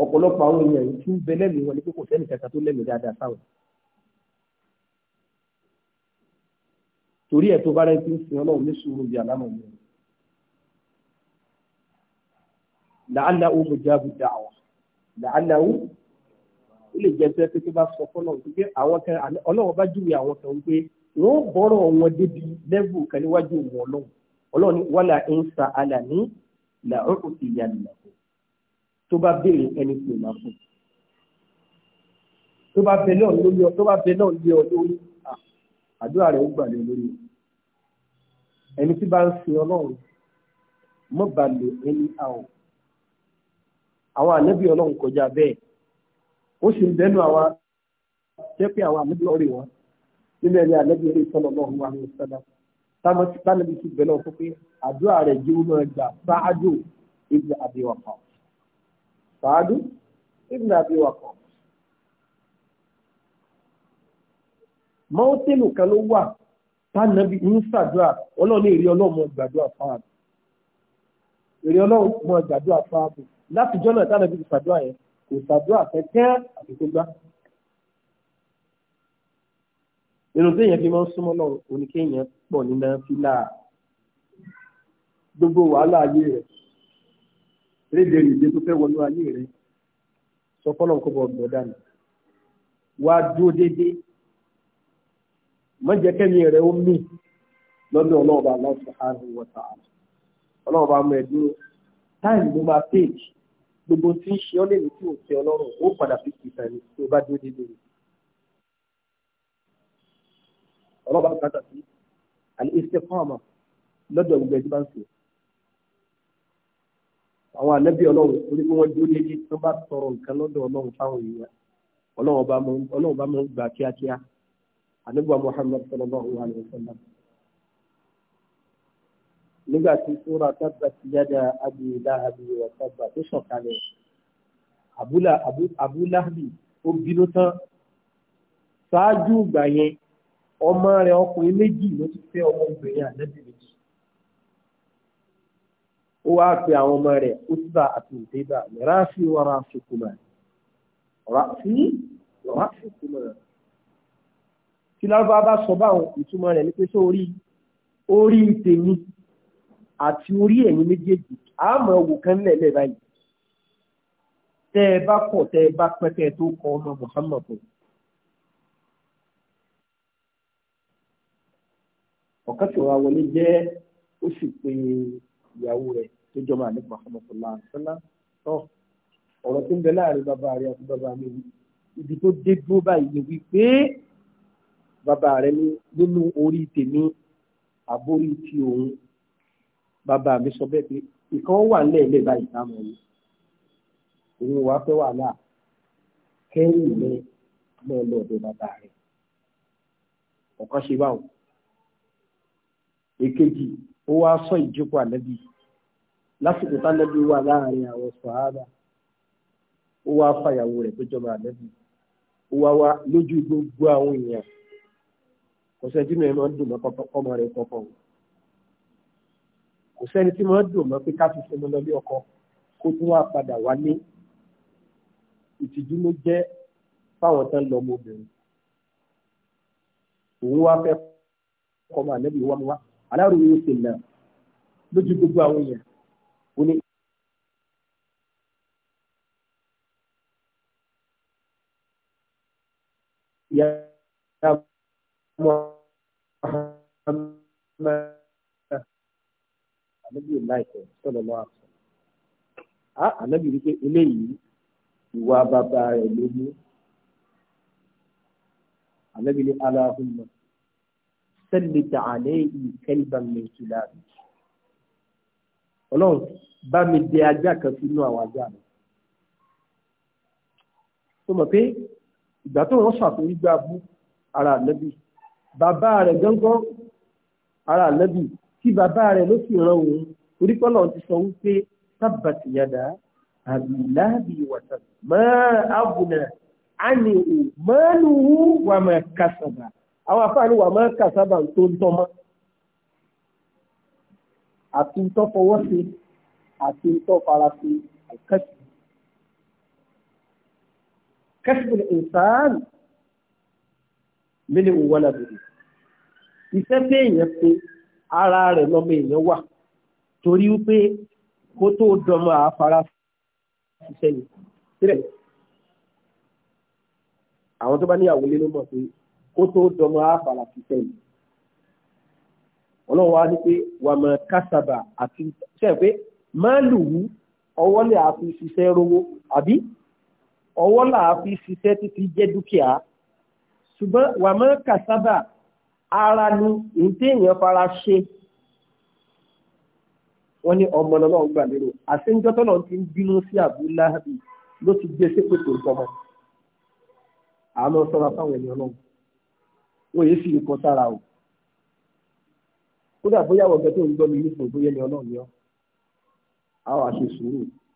ọ̀pọ̀lọpọ̀ àwọn èèyàn yìí tún bẹ lẹ́mìí wọn ni pé kò sẹ́ni kankan tó lẹ́mìí dáadáa sáwọn. torí ẹ̀ tó bá rẹ̀ ti ń sin ọlọ́run ní sùúrù bíi àlámọ̀ mi. làálàó mo jáàbù dáwà làálàó ó lè jẹ́ pé tó bá sọ fọ́nà wípé àwọn kan ọlọ́run bá júwe àwọn kan wípé wọ́n bọ́rọ̀ wọn débi lẹ́bù kan níwájú òun ọlọ́run ọlọ́run wàlà ń sa àlàní làókùtì tó bá béèrè ẹni tí ò máa fún tó bá bẹ náà lórí ọ tó bá bẹ náà lé ọ lórí àdúrà rẹ ó gbà lé lórí ẹni tí bá ń sin ọlọ́run mọ́ bá lè ẹni àwọn àwọn ànábì ọlọ́run kọjá bẹ́ẹ̀ ó sì ń bẹ́nu àwọn jẹ́ pé àwọn ànábì ọ̀rẹ́ wọn nínú ẹni ànábì ọ̀rẹ́ sọ́nà ọlọ́run wa ní sọ́nà táwọn ti bá náà fún pé àdúrà rẹ̀ jẹ́ ó máa gbà sáájú ìgbà àbíwọ̀pọ̀. Sàádù ibn Abi Waqqas. mọ́tẹ́lù kan ló wà tánàbí ń ṣàdúrà ọlọ́run èrè ọlọ́run mọ gbàdúrà fáàbù èrè ọlọ́run mọ gbàdúrà fáàbù láti jọ́nà tánàbí ti ṣàdúrà yẹn kò ṣàdúrà kẹ́kẹ́ àtúntò gbá. nínú téèyàn fi máa ń súnmọ́ lọ́rùn oníkéèyàn pọ̀ nínú fílà gbogbo wàhálà ayé rẹ̀ rédè rèdè tó fẹ́ wọnú ayé rẹ sọ fọlọ́n kó bọ̀ gbọ̀dá nù wá dúró déédéé má jẹ́ kẹ́mi rẹ ó mì lọ́dún ọlọ́ọ̀bá Allah subhanahu wa ta'ala ọlọ́ọ̀bá mọ̀ ẹ́ dúró táìmù ló máa péèjì gbogbo tí ń ṣe ọ́ lè ní tí ò tẹ ọlọ́run ó padà fi kì ní tí o bá dúró déédéé rẹ. ọlọ́ọ̀bá kàtà sí al-istiqama lọ́dọ̀ gbogbo ẹ̀dí àwọn ànábì ọlọ́run torí pé wọ́n dúró déédéé tó bá tọrọ nǹkan lọ́dọ̀ ọlọ́run fáwọn èèyàn ọlọ́run bá máa ń gbà kíákíá ànábì Muhammad sallallahu alaihi wasallam. nígbà tí sóra tabbat yada abi lahabi wa tabba tó sọ̀kalẹ̀ abu lahabi ó bínú tán ṣáájú ìgbà yẹn ọmọ rẹ̀ ọkùnrin méjì ló ti fẹ́ ọmọ obìnrin ànábì méjì ó wá pe àwọn ọmọ rẹ̀ utba àti ìdébà rafi wa rafikuma rafi rafikuma tí lárúbá bá sọ báwọn ìtumọ̀ rẹ̀ ní pé sọ orí orí tèmi àti orí ẹ̀yin méjèèjì àmọ́ wò kán lẹ̀lẹ̀ báyìí tẹ́ ẹ bá pọ̀ tẹ́ ẹ bá pẹ́kẹ́ tó kọ ọmọ Muhammadu ọ̀kátìwá wọlé jẹ́ ó sì pe ìyàwó rẹ̀ tó jọba nípa ọmọkùnrin àṣẹlá tó ọ̀rọ̀ tó ń bẹ láàrin bàbá rẹ àti bàbá mi ibi tó dé dúró báyìí ni wípé bàbá rẹ ní nínú orí tèmi àbórí ti òun bàbá mi sọ bẹ́ẹ̀ pé ìkan wà lẹ́ẹ̀lẹ́ báyìí táwọn ọ̀hún òun wàá fẹ́ wàhálà kẹ́rù rẹ mọ́ ọ lọ́ọ̀dọ̀ bàbá rẹ ọ̀kan ṣe báwọn èkejì ó wá sọ ìjókòó ànábì yìí lásìkò tánẹ́bí wà láàrin àwọn sàádà ó wá fàyàwó rẹ̀ tó jọba àlẹ́bí ó wá wá lójú gbogbo àwọn èèyàn kò sẹ́ni tí mẹ́rin máa ń dùn mọ́ ọmọ rẹ̀ kọ́kọ́ o kò sẹ́ni tí máa ń dùn mọ́ pé ká fi sinmi lọ bí ọkọ kó tún wá padà wálé ìtìjú ló jẹ́ fáwọn tán lọ ọmọbìnrin òun wá fẹ́ kọ́ ọmọ àlẹ́bí wá wá aláàrú yóò ṣe náà lójú gbogbo àwọn èèyàn يا محمد ànábì láìpẹ́ sọlọmọ àṣọ á ànábì wípé eléyìí ìwà bàbá rẹ̀ ló mú ànábì ní aláhùnmọ sẹlẹtà àlẹ ìkẹlẹbà mẹtùlá Ọlọ́run bá mi dẹ ajá kan sínú àwọn ajá mi tó mọ̀ pé ìgbà tó wọ́n ṣàkóyí gbá bú ara àlẹ́bí bàbá rẹ̀ gángan ara àlẹ́bí kí bàbá rẹ̀ ló sì ràn òun torí pé Ọlọ́run ti sọ wípé tábàtì yàdá àbí láàbì wàtà máa àbùnà àní ò mọ́nù wà máa kàṣàbà àwọn afáàní wà máa kàṣàbà tó ń tọ́mọ́ àti ń tọ́ fọwọ́ sí àti ń tọ́ fara sí kẹ́sìbù ìsáàlì mílíọ̀nù wọ́lá bèrè iṣẹ́ tí èèyàn pé ara rẹ̀ lọ́mọ èèyàn wà torí wípé kó tó dọmọ àfara ṣiṣẹ́ ni sílẹ̀ àwọn tó bá níyàwó lé ló mọ̀ pé kó tó dọmọ àfara ṣiṣẹ́ ni ọlọ́run wá ní pé wà mọ̀ kásábà àti ṣẹ́ pé máàlùú ọwọ́lẹ̀ àfi ṣiṣẹ́ rówó àbí ọwọ́ làáfi ṣiṣẹ́ títí jẹ́ dúkìá ṣùgbọ́n wà mọ́ kàsábà ara ni ìtẹ̀yàn fara ṣe wọ́n ní ọmọ náà náà gbà lérò àṣẹjọ́ tó náà ti ń bínú sí àbúláàbí ló ti gbé sépè tó o kódà bóyá wọ́n gbẹ tó ń gbọ́ mi àwọn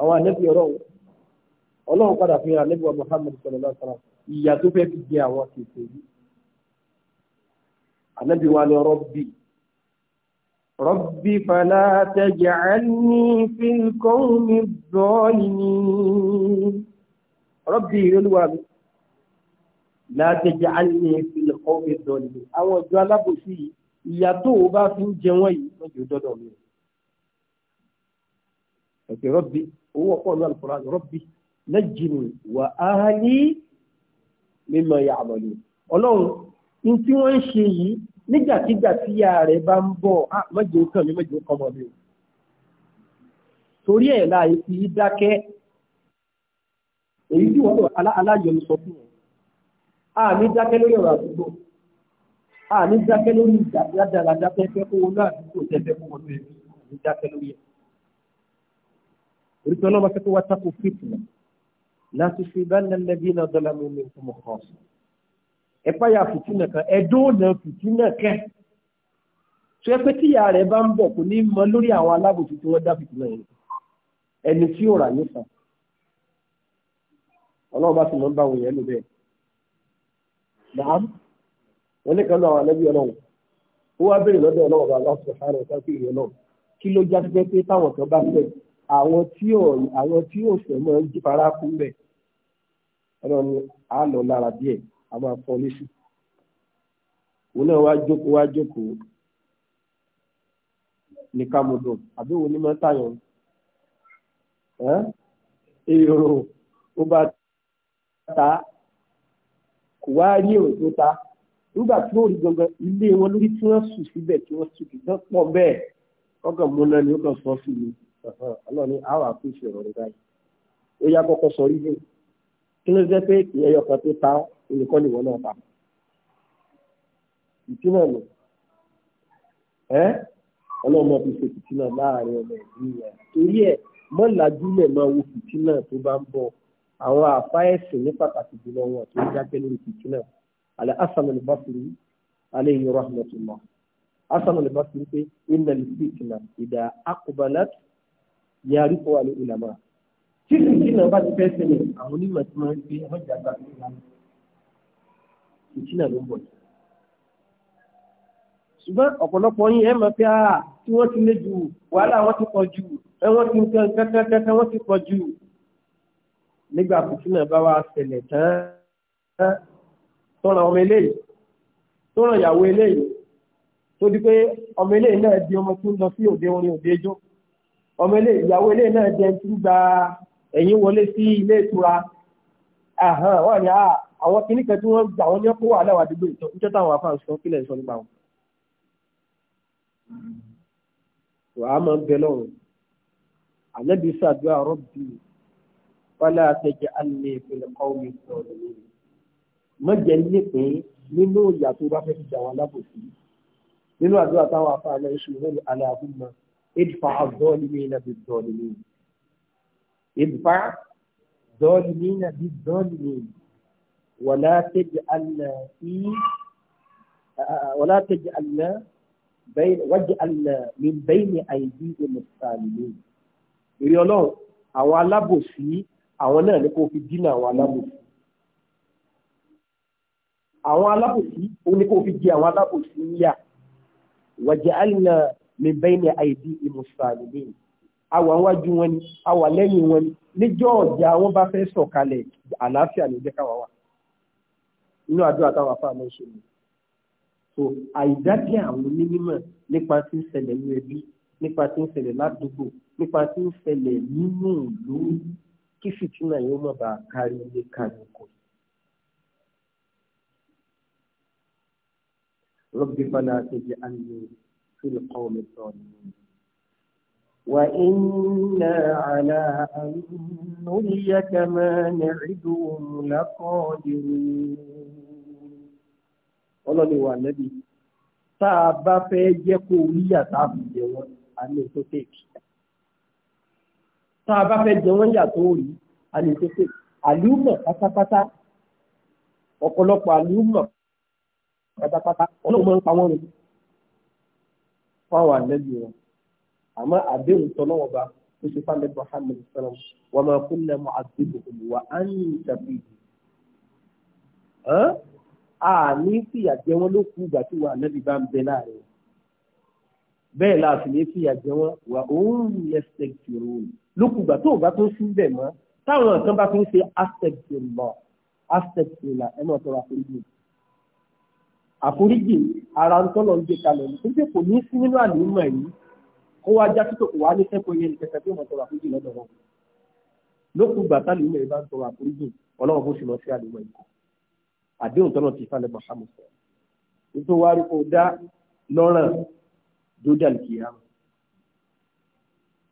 àwọn ànẹ́bí ọ̀rọ̀ ọlọ́run padà fi hàn ànẹ́bí wa Muhammad sallallahu alaihi wasallam ìyà tó fẹ́ fi jẹ àwọn kèké yìí ànẹ́bí wa ni rọ́bì rọ́bì fàlà taj'alni fil qawmi zalimin rọ́bì ìrẹ́lúwà mi látẹ̀jẹ̀ àlẹ́ ìfìlẹ̀ kọ́wé dọ̀lẹ̀ àwọn ìjọ alábòsí ìyà tó o bá fi ń jẹ wọ́n yìí lọ́jọ́ dọ́dọ̀ mi ẹ̀sìn rọ́bì owó ọ̀pọ̀ ní alukóra rọ́bì lẹ́jìnì wà áhálí mímọ ya àmọ̀lẹ́ ọlọ́run ní tí wọ́n ń ṣe yìí nígbàkigbà tí ya rẹ̀ bá ń bọ̀ ah, mọ́jọ kan mi mọ́jọ kan mọ́ mi o torí ẹ̀ láàyè fi dákẹ́ èyí tí wọ́n lọ aláyọ̀ni sọ fún wọn àmì dákẹ́ lórí ọ̀rọ̀ àdúgbò àmì dákẹ́ lórí ìdádàlá dákẹ́ fẹ́ náà àdúgbò tẹ́fẹ́ kó wọn lórí àmì lórí ẹ̀ oríṣi ọlọ́mọ sọ pé wá tako fitna láti fi bánà lẹ́bí náà dọ́là mi ní nǹkan mọ̀kàn ẹ páyà fìtínà kan ẹ dóònà fìtínà kẹ́ tó yẹ pé tíyà rẹ̀ bá ń bọ̀ kò ní mọ lórí àwọn alábòsí tí wọ́n dá fìtínà yẹn ẹni tí ò rà yóò fà ọlọ́run bá sì lọ ń bá àwọn èèyàn lò bẹ́ẹ̀ nàám wọn ní kan náà àwọn alẹ́bí ọlọ́run ó wá béèrè lọ́dọ̀ ọlọ́run bá lọ́sọ̀ọ́ sáré ọ̀sán sí ìyẹn náà kí ló já sí pé táwọn kan bá fẹ́ẹ̀ àwọn tí ò fẹ́ mọ́ ń fara kú bẹ̀ ọlọ́run ni a lọ lára díẹ̀ a máa fọ́ lẹ́sùn òun náà wá jókòó wá jókòó ní kámodò àbí òun ní máa tàyàn èrò ó bá ta kò wá rí èrò tó ta nígbà tí wọ́n rí gangan ilé wọn lórí tí wọ́n sùn síbẹ̀ tí wọ́n sùn kì í pọ̀ bẹ́ẹ̀ ọkàn múná ni ó kàn sọ sí mi ọlọ́run ní àwọn àfihàn ọ̀rọ̀ báyìí ó yá kọ́kọ́ sọ rí bẹ́ẹ̀ kí ló jẹ́ pé ìyẹn ọkàn tó ta olùkọ́ nìwọ náà pa ìtúnà nù ẹ́ ọlọ́run mọ̀ fi ṣe fìtínà láàrin ọmọ ìdílé torí ẹ̀ mọ́làdúlẹ̀ máa wo fìtínà tó bá ń bọ̀ àwọn àfa ẹ̀sìn ní pàtàkì jùlọ wọn tó ń dákẹ́ lórí fìtínà alẹ́ asanul basiri alẹ́ yìí rahmatulah asanul basiri pé innal fitna ìdá akubalat yàrá kó wa ní ìlànà tí ìtìnà bá ti fẹ́ ṣẹlẹ̀ àwọn onímọ̀ tí wọ́n ń gbé ọjà gbà ní ìlànà ìtìnà ló ń bọ̀ ṣùgbọ́n ọ̀pọ̀lọpọ̀ yín ẹ mọ̀ pé àà ah, tí wọ́n ti lé ju wàhálà wọ́n ti pọ̀ ju ẹ wọ́n ti ń kẹ́ kẹ́kẹ́kẹ́ wọ́n ti pọ̀ ju nígbà fìtínà bá wá ṣẹlẹ̀ tán tó ràn ọmọ eléyìí tó ràn ìyàwó eléyìí tó ọmọ ilé ìyàwó ilé náà jẹ tí ń gba ẹ̀yìn wọlé sí ilé ìtura wọ́n ní àwọn kìíní kan tí wọ́n gbà wọ́n ní ọkọ̀ wà láwọn àdúgbò ìtọ́ níjọ́ táwọn afáàn sọ kílẹ̀ sọ nípa wọn. wàá máa ń bẹ lọ́rùn ànábì sàdúrà rọ́bì wálé àtẹ̀jẹ́ àlè ìpínlẹ̀ kọ́wé sọ̀rọ̀ nínú àdúrà táwọn afáàn náà ń ṣe ìdìfà az-zalimina biz-zalimin ìdìfà az-zalimina biz-zalimin wala taj'alna fi wala taj'alna waj'alna min bayni aydihim as-salimin ìrì ọlọ́run àwọn alábòsí àwọn náà ní kó fi dínà àwọn alábòsí àwọn alábòsí ó ní kó fi jẹ àwọn alábòsí níyà waj'alna min bayni àìdí ìmùsàlùmí àwa wájú wọn ni àwa lẹ́yìn wọn ni níjọ́ ọ̀jà wọn bá fẹ́ sọ̀kalẹ̀ àlàáfíà ló jẹ́ káwa wà inú àdúrà táwọn afá náà ṣe ni so àìdákẹ́ àwọn onímọ̀ nípa tí ń ṣẹlẹ̀ ní ẹbí nípa tí ń ṣẹlẹ̀ ládùúgbò nípa tí ń ṣẹlẹ̀ nínú ìlú kí fìtínà yóò mọ̀ bá kárí ilé kárí oko. رب فلا تجعلني في القوم الظالمين وإنا على أن نريك ما نعدهم لقادرون ọlọ́ni wa nẹ́bí tá a bá fẹ́ jẹ́ kó yíyà tá a fi jẹ wọ́n a ní tó tèkì tá a bá fẹ́ jẹ wọ́n yà tó rí a ní tó tèkì àlùmọ̀ pátápátá ọ̀pọ̀lọpọ̀ àlùmọ̀ pátápátá ọlọ́run máa ń pa wọ́n rẹ̀ fáwọn àlẹ́bí wọn àmọ́ àdéhùn tọ́lọ́wọ́ bá tó ṣe fáwọn ẹgbẹ́ Muhammad sallam wa ma kunna mu'adhibuhum wa anta fihim. àní fìyà jẹ wọn ló kú ìgbà tí wọn àlẹ́bí bá ń bẹ láàrin bẹ́ẹ̀ láti lè fìyà jẹ wọn wà òun yastaghfirun lókùgbà tó o bá tó sún bẹ̀ mọ́ táwọn kan bá fi ń ṣe aspect lọ aspect lọ ẹ̀ náà tọ́ra fún mi àforíjì ara ń tọ́lọ̀ ń gbé kalẹ̀ ní pé kò ní sí nínú ànímọ̀ yìí kó wá já títò kò wá ní sẹ́kọ̀ọ́ yẹn kẹsẹ̀ tí wọ́n tọrọ àforíjì lọ́dọ̀ wọn. lókun gbàtà nínú ẹ̀ bá ń tọrọ àforíjì ọlọ́run bó ṣe lọ sí ànímọ̀ yìí kọ́ àdéhùn tọ́lọ̀ ti falẹ̀ bọ̀ sámù sọ. nítorí rí kó dá lọ́ràn dódà kìíyàmù.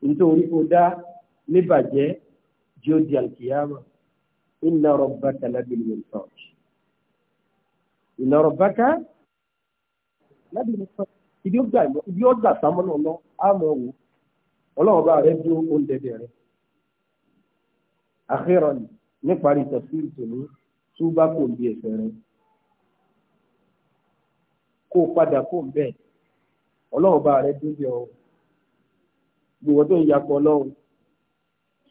nítorí kó dá níbàjẹ́ jódì àlùkìyàmù. inna rabbaka labil mirsad inna rabbaka lábẹ́ mi sọ ibi ó gbà ibi ó gbà sámọ́ náà lọ àmọ́ wò ọlọ́run bá rẹ dúró oúnjẹ bẹ̀rẹ̀ àkérọ̀ ni níparí tẹ̀síìrì tòní tó bá kò bí ẹ̀fẹ̀ rẹ kó o padà kó o bẹ́ẹ̀ ọlọ́run bá rẹ dúró bí ọ gbogbo tó ń yakọ̀ ọlọ́run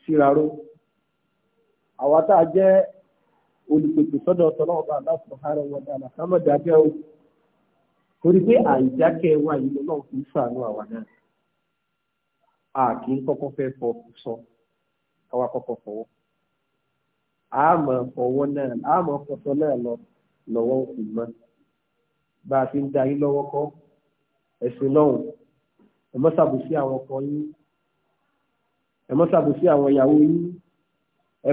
ṣíraró àwa tá a jẹ́ olùpèsè sọ́dọ̀ ọ̀tọ̀lọ́ọ̀bà aláṣọ ara wọn dára ká mọ̀ dájẹ́ o wa yìí lọ́wọ́ fi àwa náà a kì í kọ́kọ́ fẹ́ fọ sọ àwa a fọwọ. náà a mọ̀ náà lọ òkú bá a ti ń ẹ àwọn ọkọ yín ẹ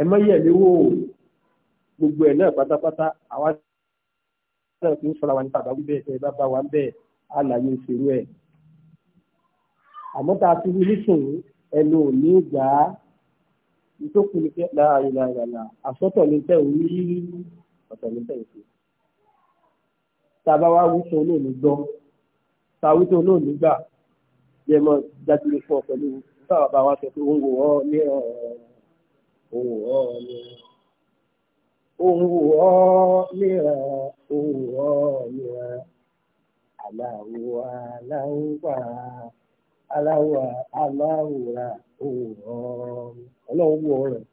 ẹ mọ yẹ̀ mí wò ó gbogbo ẹ̀ náà pátápátá àwa náà kì í sọ̀rọ̀ wa ní bàbá wí bẹ́ẹ̀ tẹ́ ẹ bá bá wa ń bẹ́ẹ̀ àlàyé ìṣèlú ẹ̀ àmọ́ tá a ti rí nísìnyí ẹnu ò ní gbà á ìtókù ní kí lára ìlà ìlànà àsọtọ̀ ní tẹ̀ ń rí ọ̀tọ̀ ní tẹ̀ ń fi tá a bá wá wíṣọ olóòní gbọ́ tá a wíṣọ olóòní gbà yẹ mọ́ dájú lè fọ pẹ̀lú báwa bá wa sọ pé ó wò ọ́ ní ọ̀ọ́ òwúrọ̀ mìíràn òwúrọ̀ mìíràn òwúrọ̀ mìíràn aláwọ̀ aláwọ̀ aláwọ̀ aláwọ̀ òwúrọ̀ ọlọ́run wọ̀ rẹ̀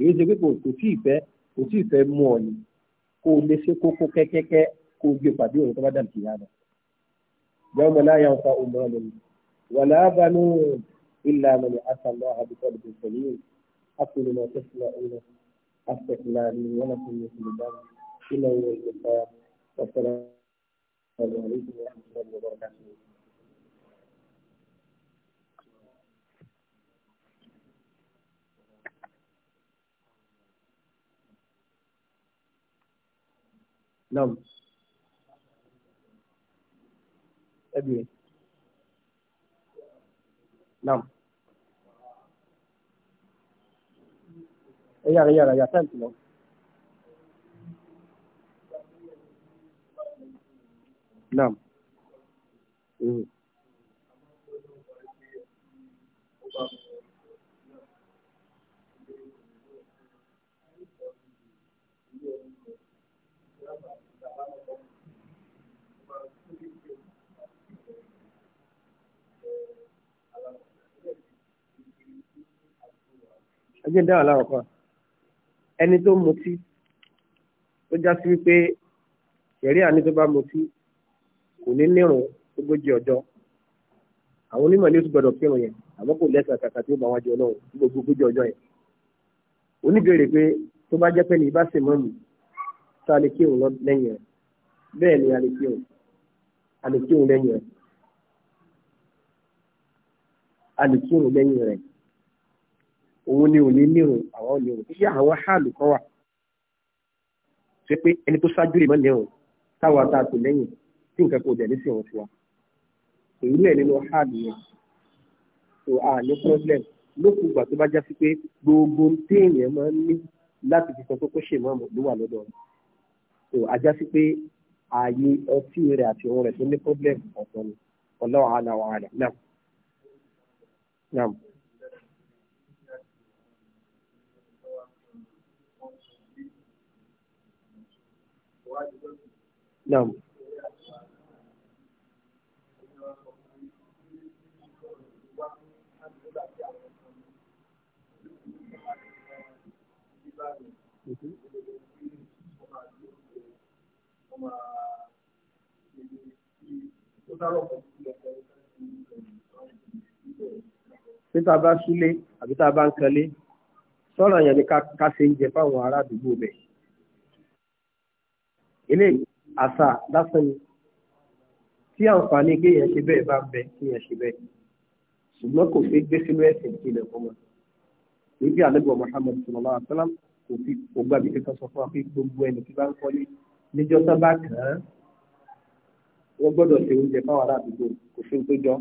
èyí ṣe pé kò tí ì fẹ́ kò tí ì fẹ́ mú ọ ni kó o lè ṣe kókó kẹ́kẹ́kẹ́ kó o gbé pàdé òun tó bá dàbí ìyá rẹ̀ yawma la yanfa'u malun wala banun illa man ata Allaha bi qalbin salim. أقول ما تسمع أستغفر لي ولكم مثل ذلك إنه هو الغفار والسلام عليكم ورحمة الله وبركاته نعم أبي نعم Ella, ella, ella, sentilo. Naam. Mm. Again, there are a lot of us ẹni tó mutí tó já sí wípé ṣẹ̀rí àní tó bá mutí kò ní nírun ogójì ọjọ́ àwọn onímọ̀ ní oṣù gbọdọ̀ kírun yẹn àmọ́ kò lẹ́sẹ̀ kàkà tí ó bá wọn jẹ ọlọ́run gbogbo ogójì ọjọ́ yẹn oníbèrè pé tó bá jẹ́ pé ní ìbáṣe mọ́mù tá a lè kírun lẹ́yìn rẹ̀ bẹ́ẹ̀ ni a lè kírun a lè kírun lẹ́yìn rẹ̀ a lè kírun lẹ́yìn rẹ̀ òun ni òní nírun àwọn òní òní yá àwọn háàlù kan wà ṣe pé ẹni tó ṣáájú rè mọ́ nírun táwọn àtàkùn lẹ́yìn tí nǹkan kò dẹ̀ ní wọn sí wa èyí lẹ̀ nínú háàlù yẹn so a ní problem lókùn ìgbà tó bá já sí pé gbogbo téèyàn máa ń ní láti fi sọ pé ṣe máa mọ̀ ló wà lọ́dọ̀ rẹ̀ so a já sí pé ààyè ọtí rẹ̀ àti ohun rẹ̀ tó ní problem ọ̀tọ̀ ni ọlọ́wàá náà wàhálà náà. Naam. Ṣé tá a bá súlé àbí tá a bá ń kanlé, sọ̀rọ̀ yẹn ni ká ṣe ń jẹ fáwọn ará àdúgbò bẹ́ẹ̀ eléyìí àṣà lásán ni tí àǹfààní kéèyàn ṣe bẹ́ẹ̀ bá bẹ kéèyàn ṣe bẹ́ẹ̀ ṣùgbọ́n kò fi gbé sínú ẹ̀sìn ìpìlẹ̀ fún wọn níbi àlẹ́gbọ̀ Muhammad sallallahu alaihi wasallam kò fi kò gbà bí kankan sọ fún wa pé gbogbo ẹni tí bá ń kọ́lé níjọ́ tó bá kàn án wọ́n gbọ́dọ̀ ṣe oúnjẹ fáwọn aráàlú kò fi ń péjọ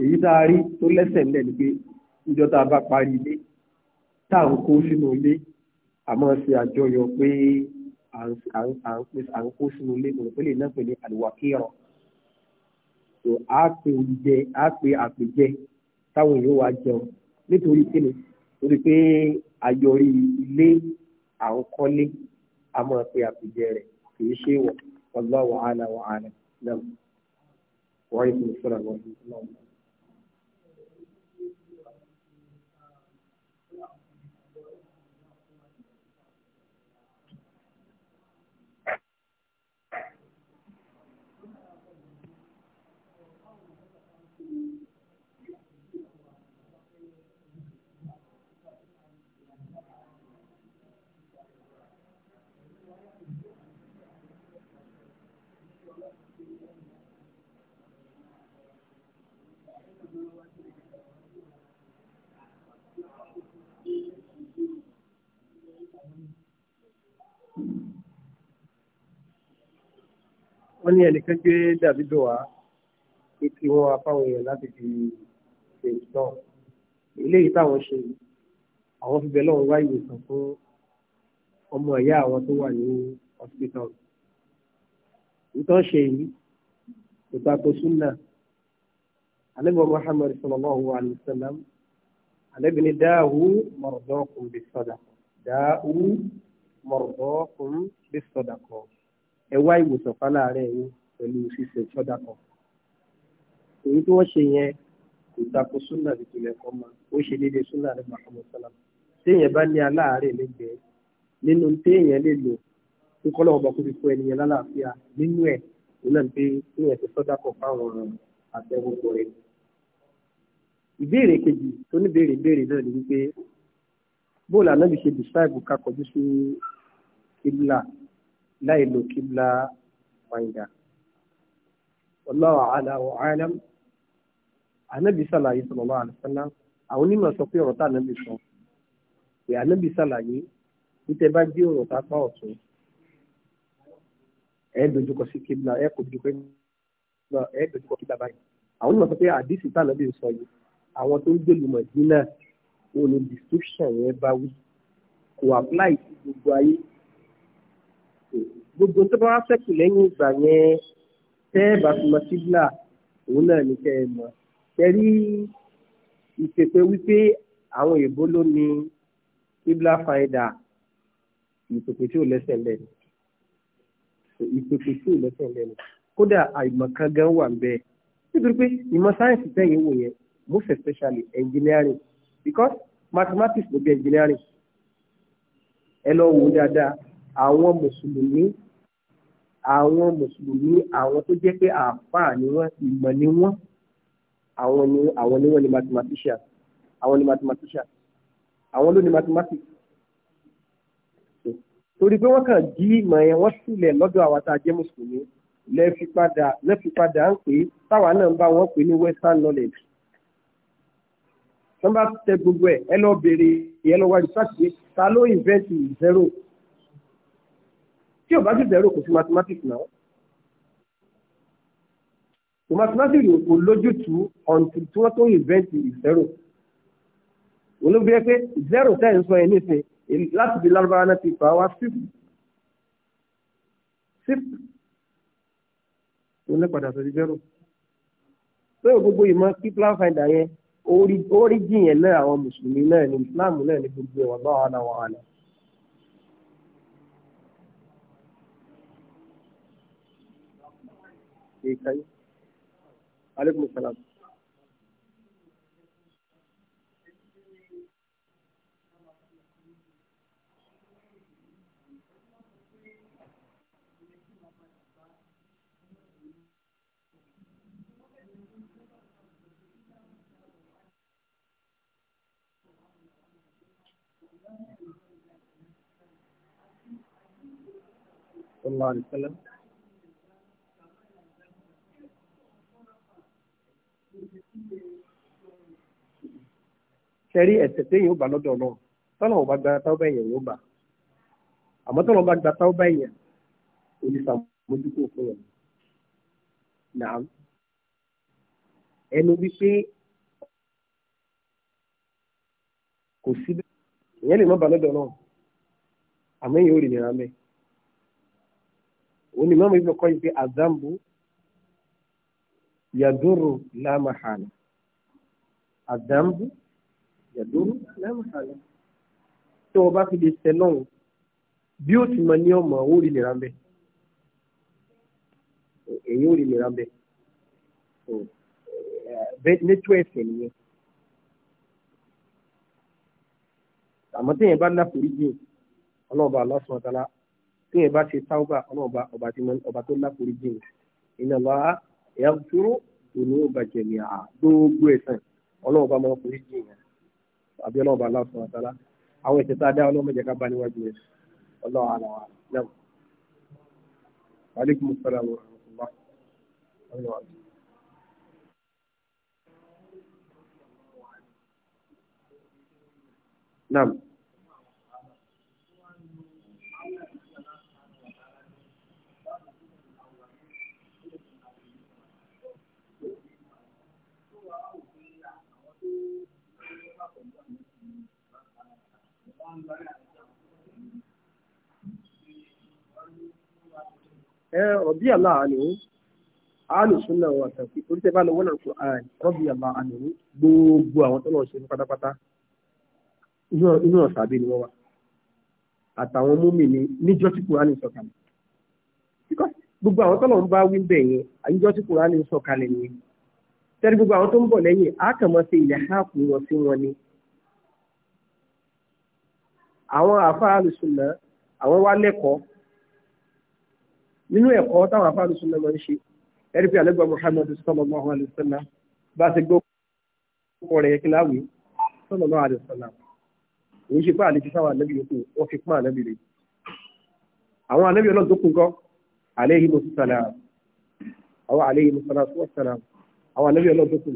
èyí tá a rí tó lẹ́sẹ̀ ńlẹ̀ ni pé níjọ́ tá a bá parí ilé tá à ń kó sínú ilé àmọ́ ṣe àjọyọ̀ pé à ń kó sínú ilé òpèlè náà pè ní àlùwàkíyọ̀ tó a pe oúnjẹ a pe àpèjẹ táwọn èèyàn wa jẹun nítorí kíni torí pé àyọrí ilé à ń kọ́lé a máa pe àpèjẹ rẹ̀ kì í ṣe wọ̀ wallahu ala wa ala náà wọ́n yìí fún ìṣúra wọn. wọ́n ní ẹnìkan gbé dàbí dùn wá pé kí wọ́n wá fáwọn èèyàn láti fi ṣe ìtàn eléyìí táwọn ṣe àwọn fi bẹ́ẹ̀ lọ́wọ́ wá ìwòsàn fún ọmọ ìyá àwọn tó wà ní hospital ìtàn ṣe yìí kò tako súnà ànábì Muhammad sallallahu alayhi wa sallam ànábì ní dáhù mardakum bis sadaqa dáhù mardakum bis sadaqa ẹ wá ìwòsàn fáláàárẹ̀ yín pẹ̀lú ṣíṣe sọ́dà kan èyí tí wọ́n ṣe yẹn kò tako súnà ìpìlẹ̀ kan mọ́ ó ṣe déédéé súnà rẹ̀ màkàmọ́ sálámù téèyàn bá ní aláàárẹ̀ lẹ́gbẹ̀ẹ́ nínú téèyàn lè lò kí kọ́lọ́ ọba kó fi fún ẹnìyẹn lálàáfíà nínú ẹ̀ ìlú ẹ̀ pé téèyàn ti sọ́dà kan fáwọn àtẹ̀wọ̀gbọ̀ rẹ̀. ìbéèrè kejì tó ní béèrè béèrè náà ni wípé bóòlù ànábì ṣe describe ká sí kíbla láì lo kíbla wáyà wallahu àlà wa alam ànábì sàlàyé sallallahu alaihi wasallam àwọn onímọ̀ sọ pé ọ̀rọ̀ tá ànábì sọ pé ànábì sàlàyé títẹ bá gbé ọ̀rọ̀ tá apá ọ̀tún ẹ dojúkọ sí kíbla ẹ kò dojúkọ ẹ dojúkọ kíbla báyìí àwọn onímọ̀ sọ pé yìí àwọn tó ń gbèlú Mẹdínà òun ni description yẹn bá wí kò apply sí gbogbo ayé gbogbo tó bá wá ṣẹ́kù lẹ́yìn ìgbà yẹn tẹ́ ẹ bá fi mọ síbílà òun náà ní kẹ́ ẹ mọ̀ ṣe rí ìpèpè wípé àwọn èèbó ló ní síbílà fáìdà ìpèpè tí ò lẹ́sẹ̀ lẹ́nu ìpèpè tí ò lẹ́sẹ̀ lẹ́nu kódà àìmọ̀kan gan wà ń bẹ́ẹ̀ nítorí pé ìmọ̀ sáyẹ́ǹsì tẹ̀yìn wò yẹn most especially engineering because mathematics ló bí engineering ẹ lọ wò ó dáadáa àwọn mùsùlùmí àwọn mùsùlùmí àwọn tó jẹ́ pé àáfàá ni wọ́n ìmọ̀ ni wọ́n àwọn ni àwọn ni wọ́n ni mathematician àwọn ni mathematician àwọn ló ni mathematics torí pé wọ́n kàn jí ìmọ̀ yẹn wọ́n sílẹ̀ lọ́dọ̀ àwa tá a jẹ́ mùsùlùmí lẹ́ẹ̀fi padà lẹ́ẹ̀fi padà ń pè é táwa náà ń bá wọn pè ní western knowledge tí wọ́n bá tẹ gbogbo ẹ̀ ẹ lọ béèrè ẹ lọ wájú sáà ta ló invent zero tí o bá sì bẹ̀rù kò sí mathematics náà so mathematics kò lójútùú until tí wọ́n tó invent zero olóbi ẹ pé zero ten sọ ẹ nísìn láti di lárúbáwá náà ti fà wá six six tó ní padà sọ di zero pé gbogbo ìmọ̀ kí plan finder yẹn origin yẹn náà àwọn mùsùlùmí náà ní Islam náà ní gbogbo ẹ̀wọ̀n báwa náà wà á náà. ke kai alaikum salam sallallahu alaihi wasallam sẹ́rí ẹ̀sẹ̀ téèyàn ó bá lọ́dọ̀ ọlọ́run tọ́lọ̀ ò bá gba táwọ́bà èèyàn yóò bá àmọ́ tọ́lọ̀ bá gba táwọ́bà èèyàn ò ní sàmójúkò fún wọn. nàá ẹnu wípé kò sí ìyẹn lè má bá lọ́dọ̀ ọlọ́run àmọ́ èèyàn ò rìn nira mẹ́. òun mọ́mọ́ ibi kọ́ yìí pé àdámbù yàdúró lámàhàlà àdámbù yàdúró lẹ́mùsàlẹ̀ tí wọ́n bá fi lè tẹ̀ náà bí ó ti mọ ní ọmọ ó rí nira bẹ́ẹ̀ èyí ò rí nira bẹ́ẹ̀ bẹ́ẹ̀ nítú ẹ̀sẹ̀ nìyẹn àmọ́ téèyàn bá láforíjì ọlọ́ọ̀bà lọ́sàn-án tala téèyàn bá ṣe táwọ́bà ọlọ́ọ̀bà ọba tó láforíjì iná wa ẹ̀yà dúró ìlú ọba jẹ̀mí à gbogbo ẹ̀sán ọlọ́ọ̀bà máa foríjì yẹn àbí ọlọ́run bá aláṣọ àtàlá àwọn ètò tá a dá ọlọ́run mẹ́jẹ ká bá níwájú rẹ̀ ọlọ́run àlọ́ àlọ́ aleykum salaam wa naam. رضي الله عنه آل السنة والتوفيق قلت بقى لو القرآن رضي الله gbogbo àwọn tó ṣe pátápátá inú ọ̀sàbí ni wọ́n àtàwọn múmi ni níjọ́ tí kùránì gbogbo àwọn ń bá wí bẹ̀ yẹn àyíjọ́ gbogbo àwọn tó ń bọ̀ lẹ́yìn á mọ́ sí ilẹ̀ háàpù wọn sí àwọn àfáà lùsùnà àwọn wá lẹ́kọ̀ọ́ nínú ẹ̀kọ́ táwọn àfáà lùsùnà máa ń ṣe ẹ̀rí pé àlẹ́gbà Muhammad sallallahu alaihi wasallam bá ti gbọ́ ọkọ̀ rẹ̀ kí láwìí sallallahu alaihi wasallam òun ṣe pé àlejò sáwọn ànábì yòókù wọ́n fi pọ́n ànábì rẹ̀ àwọn ànábì ọlọ́run tó kún kọ́ àléhìn mùsùlùmí àwọn àléhìn mùsùlùmí àwọn ànábì ọlọ́run tó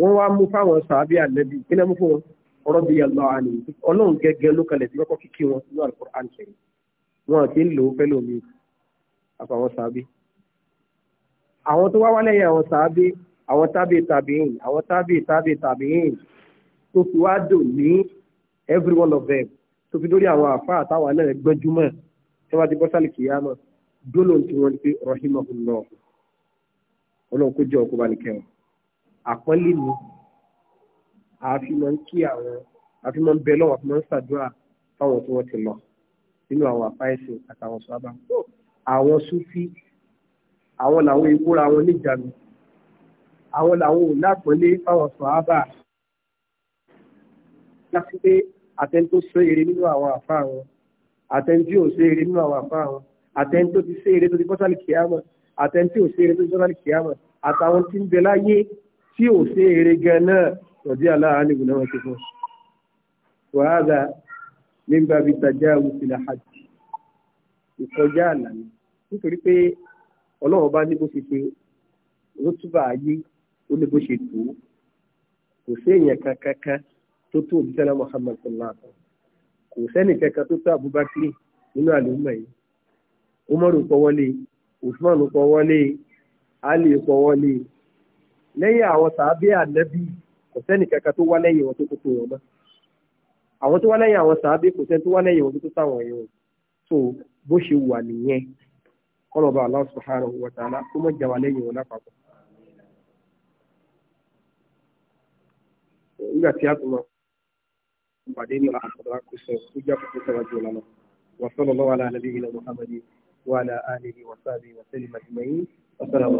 wọ́n wá mú fáwọn sàábì ànábì kí ọ̀rọ̀bí yàgbọ́ àní ọlọ́run gẹ́gẹ́ ló kalẹ̀ sí kọ́kọ́ kíkí wọn ní alukur'an kẹrin wọn kì í lò ó fẹ́lẹ́ omi àfàwọn sàábé àwọn tó wá wálẹ̀ yẹn àwọn sàábé àwọn tábì tàbíìn àwọn tábì tábì tàbíìn tó fi wá dò ní every one of them tó fi dórí àwọn àfa àtàwọn náà gbọ́njúmọ̀ tí wọ́n ti bọ́ sálì kìyàmọ̀ gbólóhùn tí wọ́n ti rahimahullah ọlọ́run kó jẹ́ ọkọ̀ bá nìkẹ́ àfi máa ń kí àwọn àfi máa ń bẹ lọ́wọ́ àfi máa ń ṣàdúrà fáwọn tí wọ́n ti lọ nínú àwọn àfáìsìn àtàwọn sábà àwọn súfí àwọn làwọn ìkóra wọn níjànú àwọn làwọn ò lápọ̀lé fáwọn sábà láti pé àtẹni tó ṣe eré nínú àwọn àfá wọn àtẹni tí ò ṣe eré nínú àwọn àfá wọn àtẹni tó ti ṣe eré tó ti bọ́sálì kìámọ̀ àtẹni tí ò ṣe eré tó ti bọ́sálì kìámọ̀ àtàwọn tí ń bẹ láyé tí ò ṣe eré gan náà rọ̀dí aláàánú ìbùnà wọn ti fún wàhálà nígbà bíi tajà wùsìlà hajj ìkọjá àlàyé nítorí pé ọlọ́run bá ní bó ṣe ṣe rótúbà ayé ó ní bó ṣe tó kò sí èèyàn kankankan tó tó òbí sẹ́lá sallallahu kò sẹ́nì kankan tó tó Abubakar nínú àlùmọ̀ yìí Umar kọ́ wọlé Usman kọ́ wọlé Ali kọ́ wọlé lẹ́yìn àwọn sàábẹ́ ànábì kò sẹ́ni kankan tó wá lẹ́yìn wọn tó tó tó wọn mọ́ àwọn tó wá lẹ́yìn àwọn sàábé kò sẹ́ni tó wá lẹ́yìn wọn tó tó táwọn yẹn wọn so bó ṣe wà nìyẹn kọlọba Allah subhanahu wa ta'ala kó mọ jàwá lẹ́yìn wọn lápapọ̀. nígbà tí a tún lọ pàdé ní àkàrà kò sọ kó jẹ́ kókó sọ̀rọ̀ jù lọ́nà wa sallallahu ala nabiyyina Muhammadin wa ala alihi wa sallam